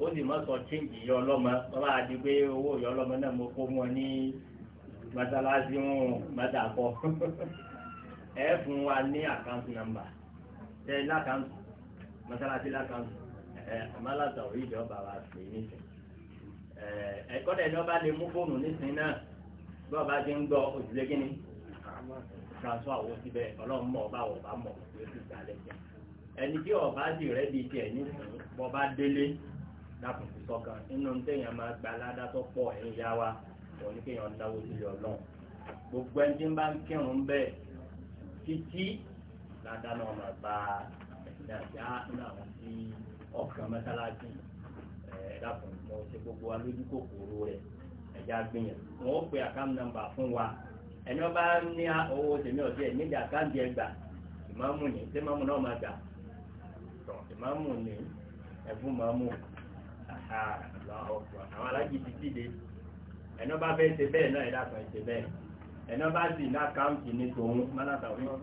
ó sì mọ́ sọ chíǹkì yọ ọlọ́mọ bàbá àti pé owó yọ ọlọ́mọ náà mo kó wọn ní mọ́sálásí ń mọ́tàkọ́ (laughs) ẹ fún wa ní àkáǹtì nọ́mbà tẹ lákàntì mọ́sálásí lákan ọmọlàtà orí ìjọ bàbá pè nísìn ẹ̀kọ́ dẹ̀ lọ́ba lè mú fóònù nísìn náà bí ọba ti ń gbọ́ òjìlé kínní transfer owó síbẹ̀ ọlọ́run mọ̀ ọba ọba mọ̀ yóò sì gbà lẹ́sẹ̀ ẹni tí ọba sì rẹ́ bíi tiẹ̀ nísìn bọ́ba délé dákun ti sọ́kàn nínú téèyàn máa gba aládá tó pọ̀ ẹ̀yìn yá wa òun ni kéèyàn náwó sílé ọlọ́run gbogbo ẹni tí ń ń kírun bẹ́ẹ̀ títí ládàá náà máa dáadáa nínú àwọn tí ọkàn mọ́sálásí ẹ̀ẹ́dàkùn mọ́ ṣe gbogbo alójú kòkòrò rẹ̀ ẹ̀já gbìyànjú wọn ó pe àkáǹtì nàmbà fún wa ẹni wọn ní ah, owó tèmi ọ̀sẹ̀ níbi àkáǹtì ẹgbà ìmáàmù ni ṣé máàmù náà máa gbà tọ̀ ìmáàmù ni ẹ̀fún máàmù àwọn alájì ti dìde ẹni wọn bá fẹ́ ṣe bẹ́ẹ̀ náà ẹ̀dàkùn ẹ̀ ṣe bẹ́ẹ̀ ẹni wọn bá sì ní àkáǹtì ní tòun mọ́nà tàwọn.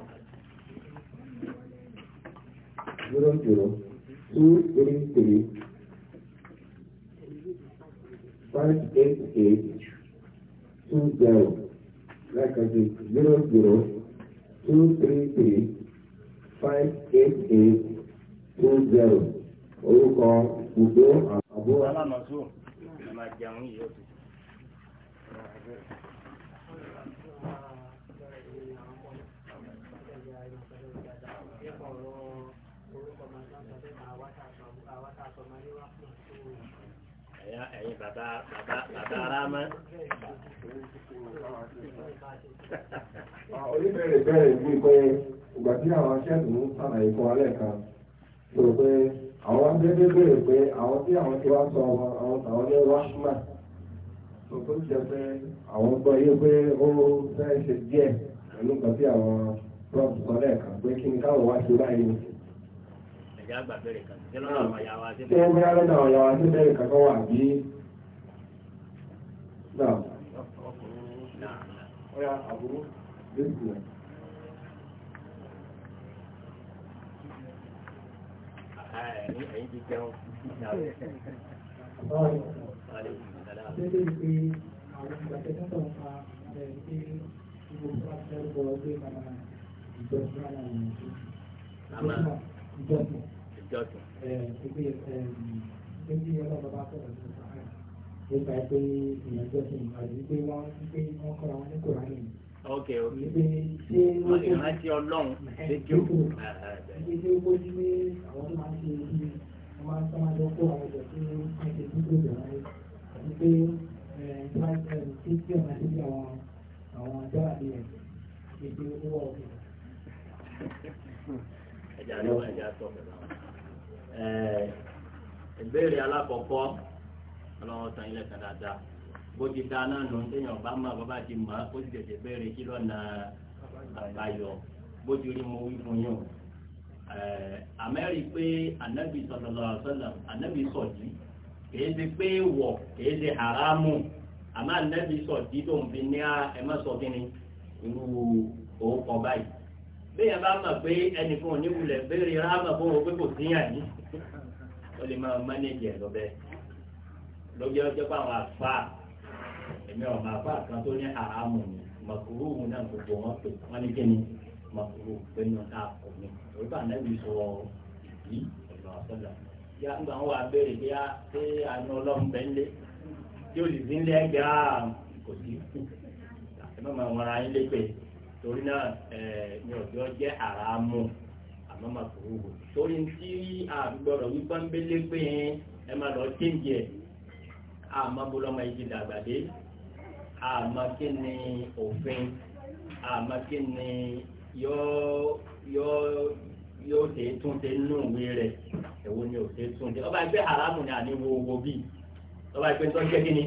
zero zero two three three five eight eight two zero like I said zero zero two three three five eight eight two zero orúkọ gbogbo àbúrò. bàbá bàbá bàbá arámá. oníbẹ̀rẹ̀ bẹ̀rẹ̀ bíi pé ìgbà tí àwọn aṣẹ́gun sàlàyé fún alẹ́ kan pé àwọn abẹ́rẹ́ àwọn ti wá sọ àwọn àwọn ní wáṣímà sọ tó jẹ́ pé àwọn gbọ́ yé pé ó fẹ́ ṣe tí àwọn rọ́ọ̀bù sọ pé kí ni káwọn wá báyìí ẹ̀yà kan tí نعم ويا أبو بسم Ìjọ́sìn. Ìjọ́sìn. Ẹgbẹ́ ọlọ́pàá bá sọ̀rọ̀ sí nípa pé èèyàn jẹ́ fún àti pé wọ́n pé wọ́n kọ́ra wọn ní kòránì. ok ok ìrántí ọlọ́run ṣéjú. ṣé kí ó ní ah, ah, ah, pé àwọn tó máa ń ṣe ibi wọ́n máa ń sọ máa lọ kó àwọn ọjọ́ tí wọ́n ṣe dúró ìjọba yìí àti pé tí tí ọ̀nà sí àwọn àwọn ọjọ́ àbí ẹ̀ àti pé ó wọ̀ ọ̀kẹ́. ẹ̀jẹ̀ àlọ́ ẹ̀jẹ̀ àtọ̀ ìbéèrè alákọ̀ọ́kọ́. ọlọ́wọ́ san ilẹ̀ kan dáadáa bó ti da náà nù téèyàn bá bàbá ti mọ̀ tètè kí lọ́nà àbáyọ bó ti rí wí fún yín o. àmẹ́rì pé haramu àmọ́ tó ń fi ní sọ kíni irú òkọ̀ báyìí bẹ́ẹ̀ bá mọ̀ pé wulẹ̀ fún ó lè lójú ọjọ́ pé àwọn àfa èmi faa kan tó ní àhámù ni màkúrú òun náà gbogbo wọn pè wọn ní kíni màkúrú pé ọ̀tá àkọ́ orúkọ ànábì sọ ìdí ọ̀nà yá ń gbà wọn wà bí a ṣe ọlọ́run bẹ́ẹ̀ lé tí ó ń lé ẹgbẹ́ kò sí máa wọn ara yín lé pé torí náà ní ọjọ́ jẹ́ àràámù àmọ́ màkúrú torí ti àgbọ̀rọ̀ wípé ń pé ẹ àmọ́ bó lọ́mọ yìí ti dàgbà dé àmọ́ kí ni òfin àmọ́ kí ni yóò yóò tún ṣe nínú ìwé rẹ̀ èwo ni tún haramu ni àní bíi ọba ẹgbẹ́ ni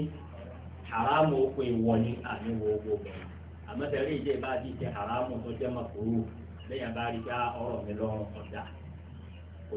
haramu àní wo owó àmọ́ tẹ̀lé ìdí haramu tó jẹ́ mọ̀kúrú lẹ́yìn abá ká ah, ọ̀rọ̀ mi lọ́rùn ọ̀dà kò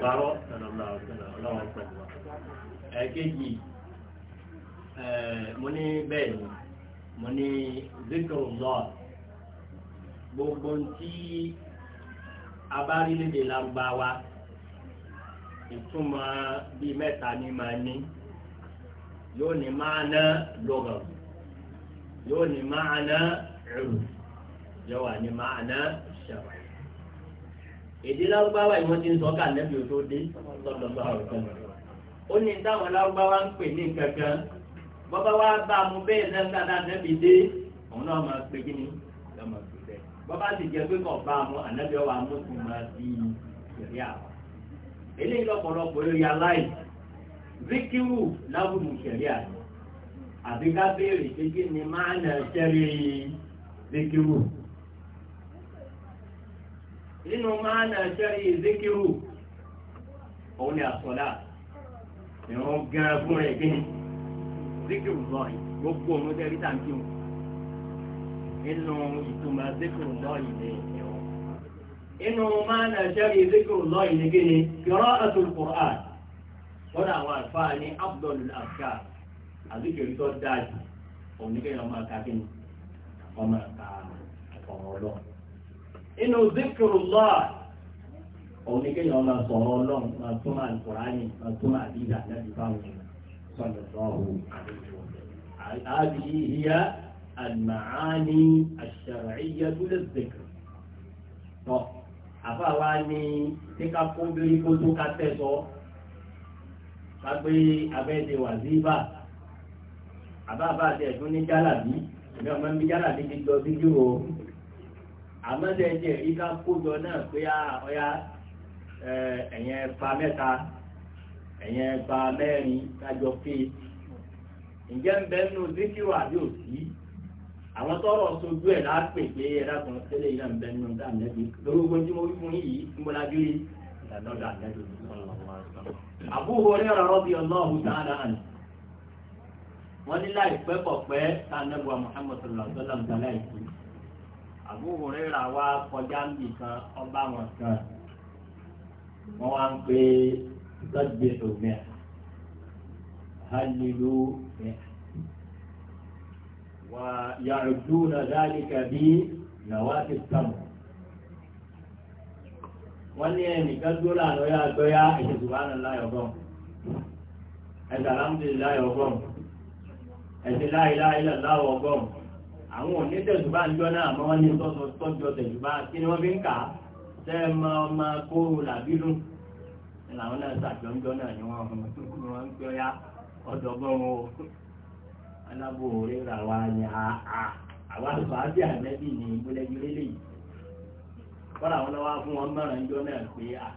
parọ́ sọ̀rọ̀lá ọ̀sọ̀rọ̀ ọlọ́wọ́ pẹ̀lú wa. ẹ̀kejì eh, mo ní bẹ́ẹ̀ ni mo ní zikr lọ́ọ̀ gbogbo tí a bá rí léde Lárúbáwá ìtumọ̀ bíi mẹ́ta ni máa ní yóò ní máa ná lọ́gọ̀ yóò ní máa ná ẹ̀rù yóò wà ní máa ná ṣẹ̀wẹ̀ èdè lárúbáwá yìí wọ́n ti ń sọ ká lẹ́bi òtó dé lọ́dọ̀dọ̀ àwùjọ. ó ní táwọn lárúbáwá ń pè ní kankan bọ́bá wa bá mu bẹ́ẹ̀ lẹ́ńdà náà lẹ́bi dé òun náà máa pè kí ni lọ́mọ pè bẹ́ẹ̀. bọ́bá sì jẹ́ pé kò bá mu ànábi ọwọ́ amúsùn máa di ìrírí àwọn. eléyìí lọ́pọ̀lọpọ̀ lórí aláì zikiru láwùmù ṣẹ̀rí àná àbí ká béèrè pé kí ni máa nà ṣẹ́rí zikiru nínú máa nà jẹ́rì ìzíkírù òun ni àsọ̀lá ìrún gan fún rẹ̀ gbé zíkírù lọ́ọ̀yì gbogbo òun jẹ́ rítà kí o nínú ìtumọ̀ zíkírù lọ́ọ̀yì ni ìrún inú máa nà jẹ́rì ìzíkírù lọ́ọ̀yì ni gíní kìrọ́ ẹ̀sùn kùrán lọ́dọ̀ àwọn àlùfáà ní abdul afka àzíkírù tó dáa jù ni kéèyàn máa ka kíni ọmọ ẹ̀ka ọ̀rọ̀ ọlọ́run inú zikrullah òun ni kéèyàn máa sọ̀rọ̀ ọlọ́run máa túmọ̀ àlùkùránì máa túmọ̀ àdìgbà láti fáwọn èèyàn sọ̀rọ̀ lọ́wọ́ àdéhùn هذه هي المعاني الشرعية للذكر طب àfàwa ni kíka kó lórí kó tó ká tẹ̀sọ́ kágbé abẹ́ẹ̀dẹ̀ wàzíbà àbáàbá àti ẹ̀dún ní jálàbí ìgbà máa ń jálàbí ti lọ sí yúrò àmọ́tẹ́jẹ́ rí ká kójọ náà pé ọ̀yá ẹ̀yẹn ẹ̀fà mẹ́ta ẹ̀yẹn ẹ̀fà mẹ́rin kájọ pé ǹjẹ́ ń gba nù zikiru àbí òsì àwọn tọrọ sojú ẹ̀ lápè pé ẹ̀dá kan tẹ́lẹ̀ yìí náà ń bẹ́ẹ̀ nù dá mẹ́bi lórúkọ tí mo rí fún yìí ń bọ́lá bí rí ìdánọ́dà mẹ́bi. Abu Hurairah wọ́n ní láìpẹ́ kọ̀pẹ́ tá a Muhammadu àbúrò rẹ̀ rà wá kọjá nìkan ọba wọn kan wọ́n wá ń pè lọ́gbẹ̀ òmìnira halilu wà yàrùdú na dáríkà bí nàwá ti tàmù wọ́n ní ẹnìkan tó lànà ya gbọ́yá ẹ̀ṣẹ̀ tùbánà láyọ̀gọ́n ẹ̀ṣẹ̀ alámdìlá yọ̀gọ́n ẹ̀ṣẹ̀ láìláìlá láwọ̀gọ́n àwọn òní tẹ̀sùbá ń jọ́nà àmọ́ wọ́n ní tọ́sọ tọ́jọ tẹ̀sùbá kí ni wọ́n fi ń kà á tẹ́ ma ọmọ kóró làbínú làwọn náà ṣàjọ́njọ́ náà ni wọ́n ni wọ́n ń pẹ́ ọ́yá ọ̀dọ́gbọ́n o alábò rírà wa ni àwa sọ ábí àmẹ́bí ni ìgbélẹ́jú lélẹ̀ yìí kọ́lá àwọn lọ́wọ́ fún wọn mọ̀ràn jọ náà pé à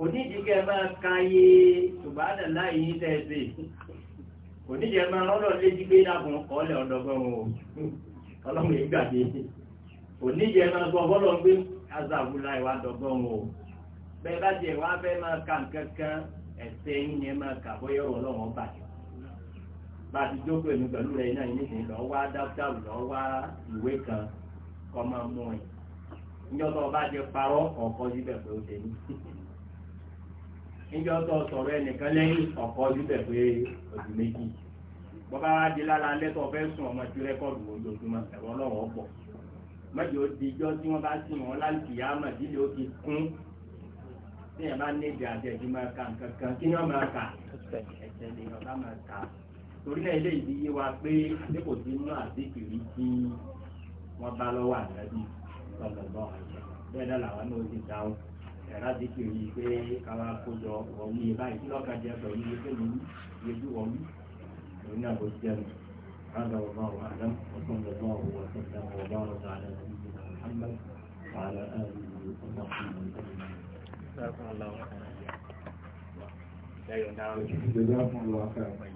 onídìí kẹ́ máa ka yé ṣùgbọ́n láì ní tẹ̀sí onídìí ọlọ́run yìí gbàgbé oníyẹ máa gbọ́ bọ́lọ̀ gbé azàbùlà ìwà dọ̀gbọ́n o bẹ́ẹ̀ bá jẹ́ wá fẹ́ máa ka nǹkan kan yín yẹn máa kà bọ́yọ̀ ọlọ́run bàjẹ́ bá ti jókòó èmi pẹ̀lú rẹ̀ náà yìí nìyí lọ́ wá dáfítàrù lọ́ wá ìwé kan kọ́ máa mú ẹ̀ níjọ́tọ̀ ọba jẹ parọ́ ọ̀kọ́ síbẹ̀ pé ó ṣe ní níjọ́tọ̀ ẹnìkan lẹ́yìn ọ̀kọ́ síbẹ̀ pé ó ti méjì bọ́bá wa di lára lẹ́tọ̀ fẹ́ sùn ọmọ tí rẹ́kọ̀dù ojoojúmọ́ ẹ̀rọ lọ́wọ́ pọ̀ mọ́jọ́ di ijọ́ tí wọ́n bá sì wọ́n láti yá mọ̀ dídé ó ti kún tí yẹn bá ní èdè àtẹ̀jú máa ka nǹkan kí yọ́n máa kà ẹ̀sẹ̀ lè yọ̀ bá máa kà torí náà ilé ìdí yé wa pé àdébò ti mú àdékìrí tí wọ́n bá lọ́wọ́ àdábì lọ́gbọ̀gbọ́ àìsàn bẹ́ẹ̀ náà làwọn náà ti dáhùn àdékìrí pé káwa kó wọ̀nyí báyìí kí lọ́kàn jẹ́ إنه الجامع هذا والله أعلم وصلى الله وسلم وبارك على نبينا محمد وعلى آله وصحبه أجمعين. جزاكم الله خيرا. جزاكم الله خيرا.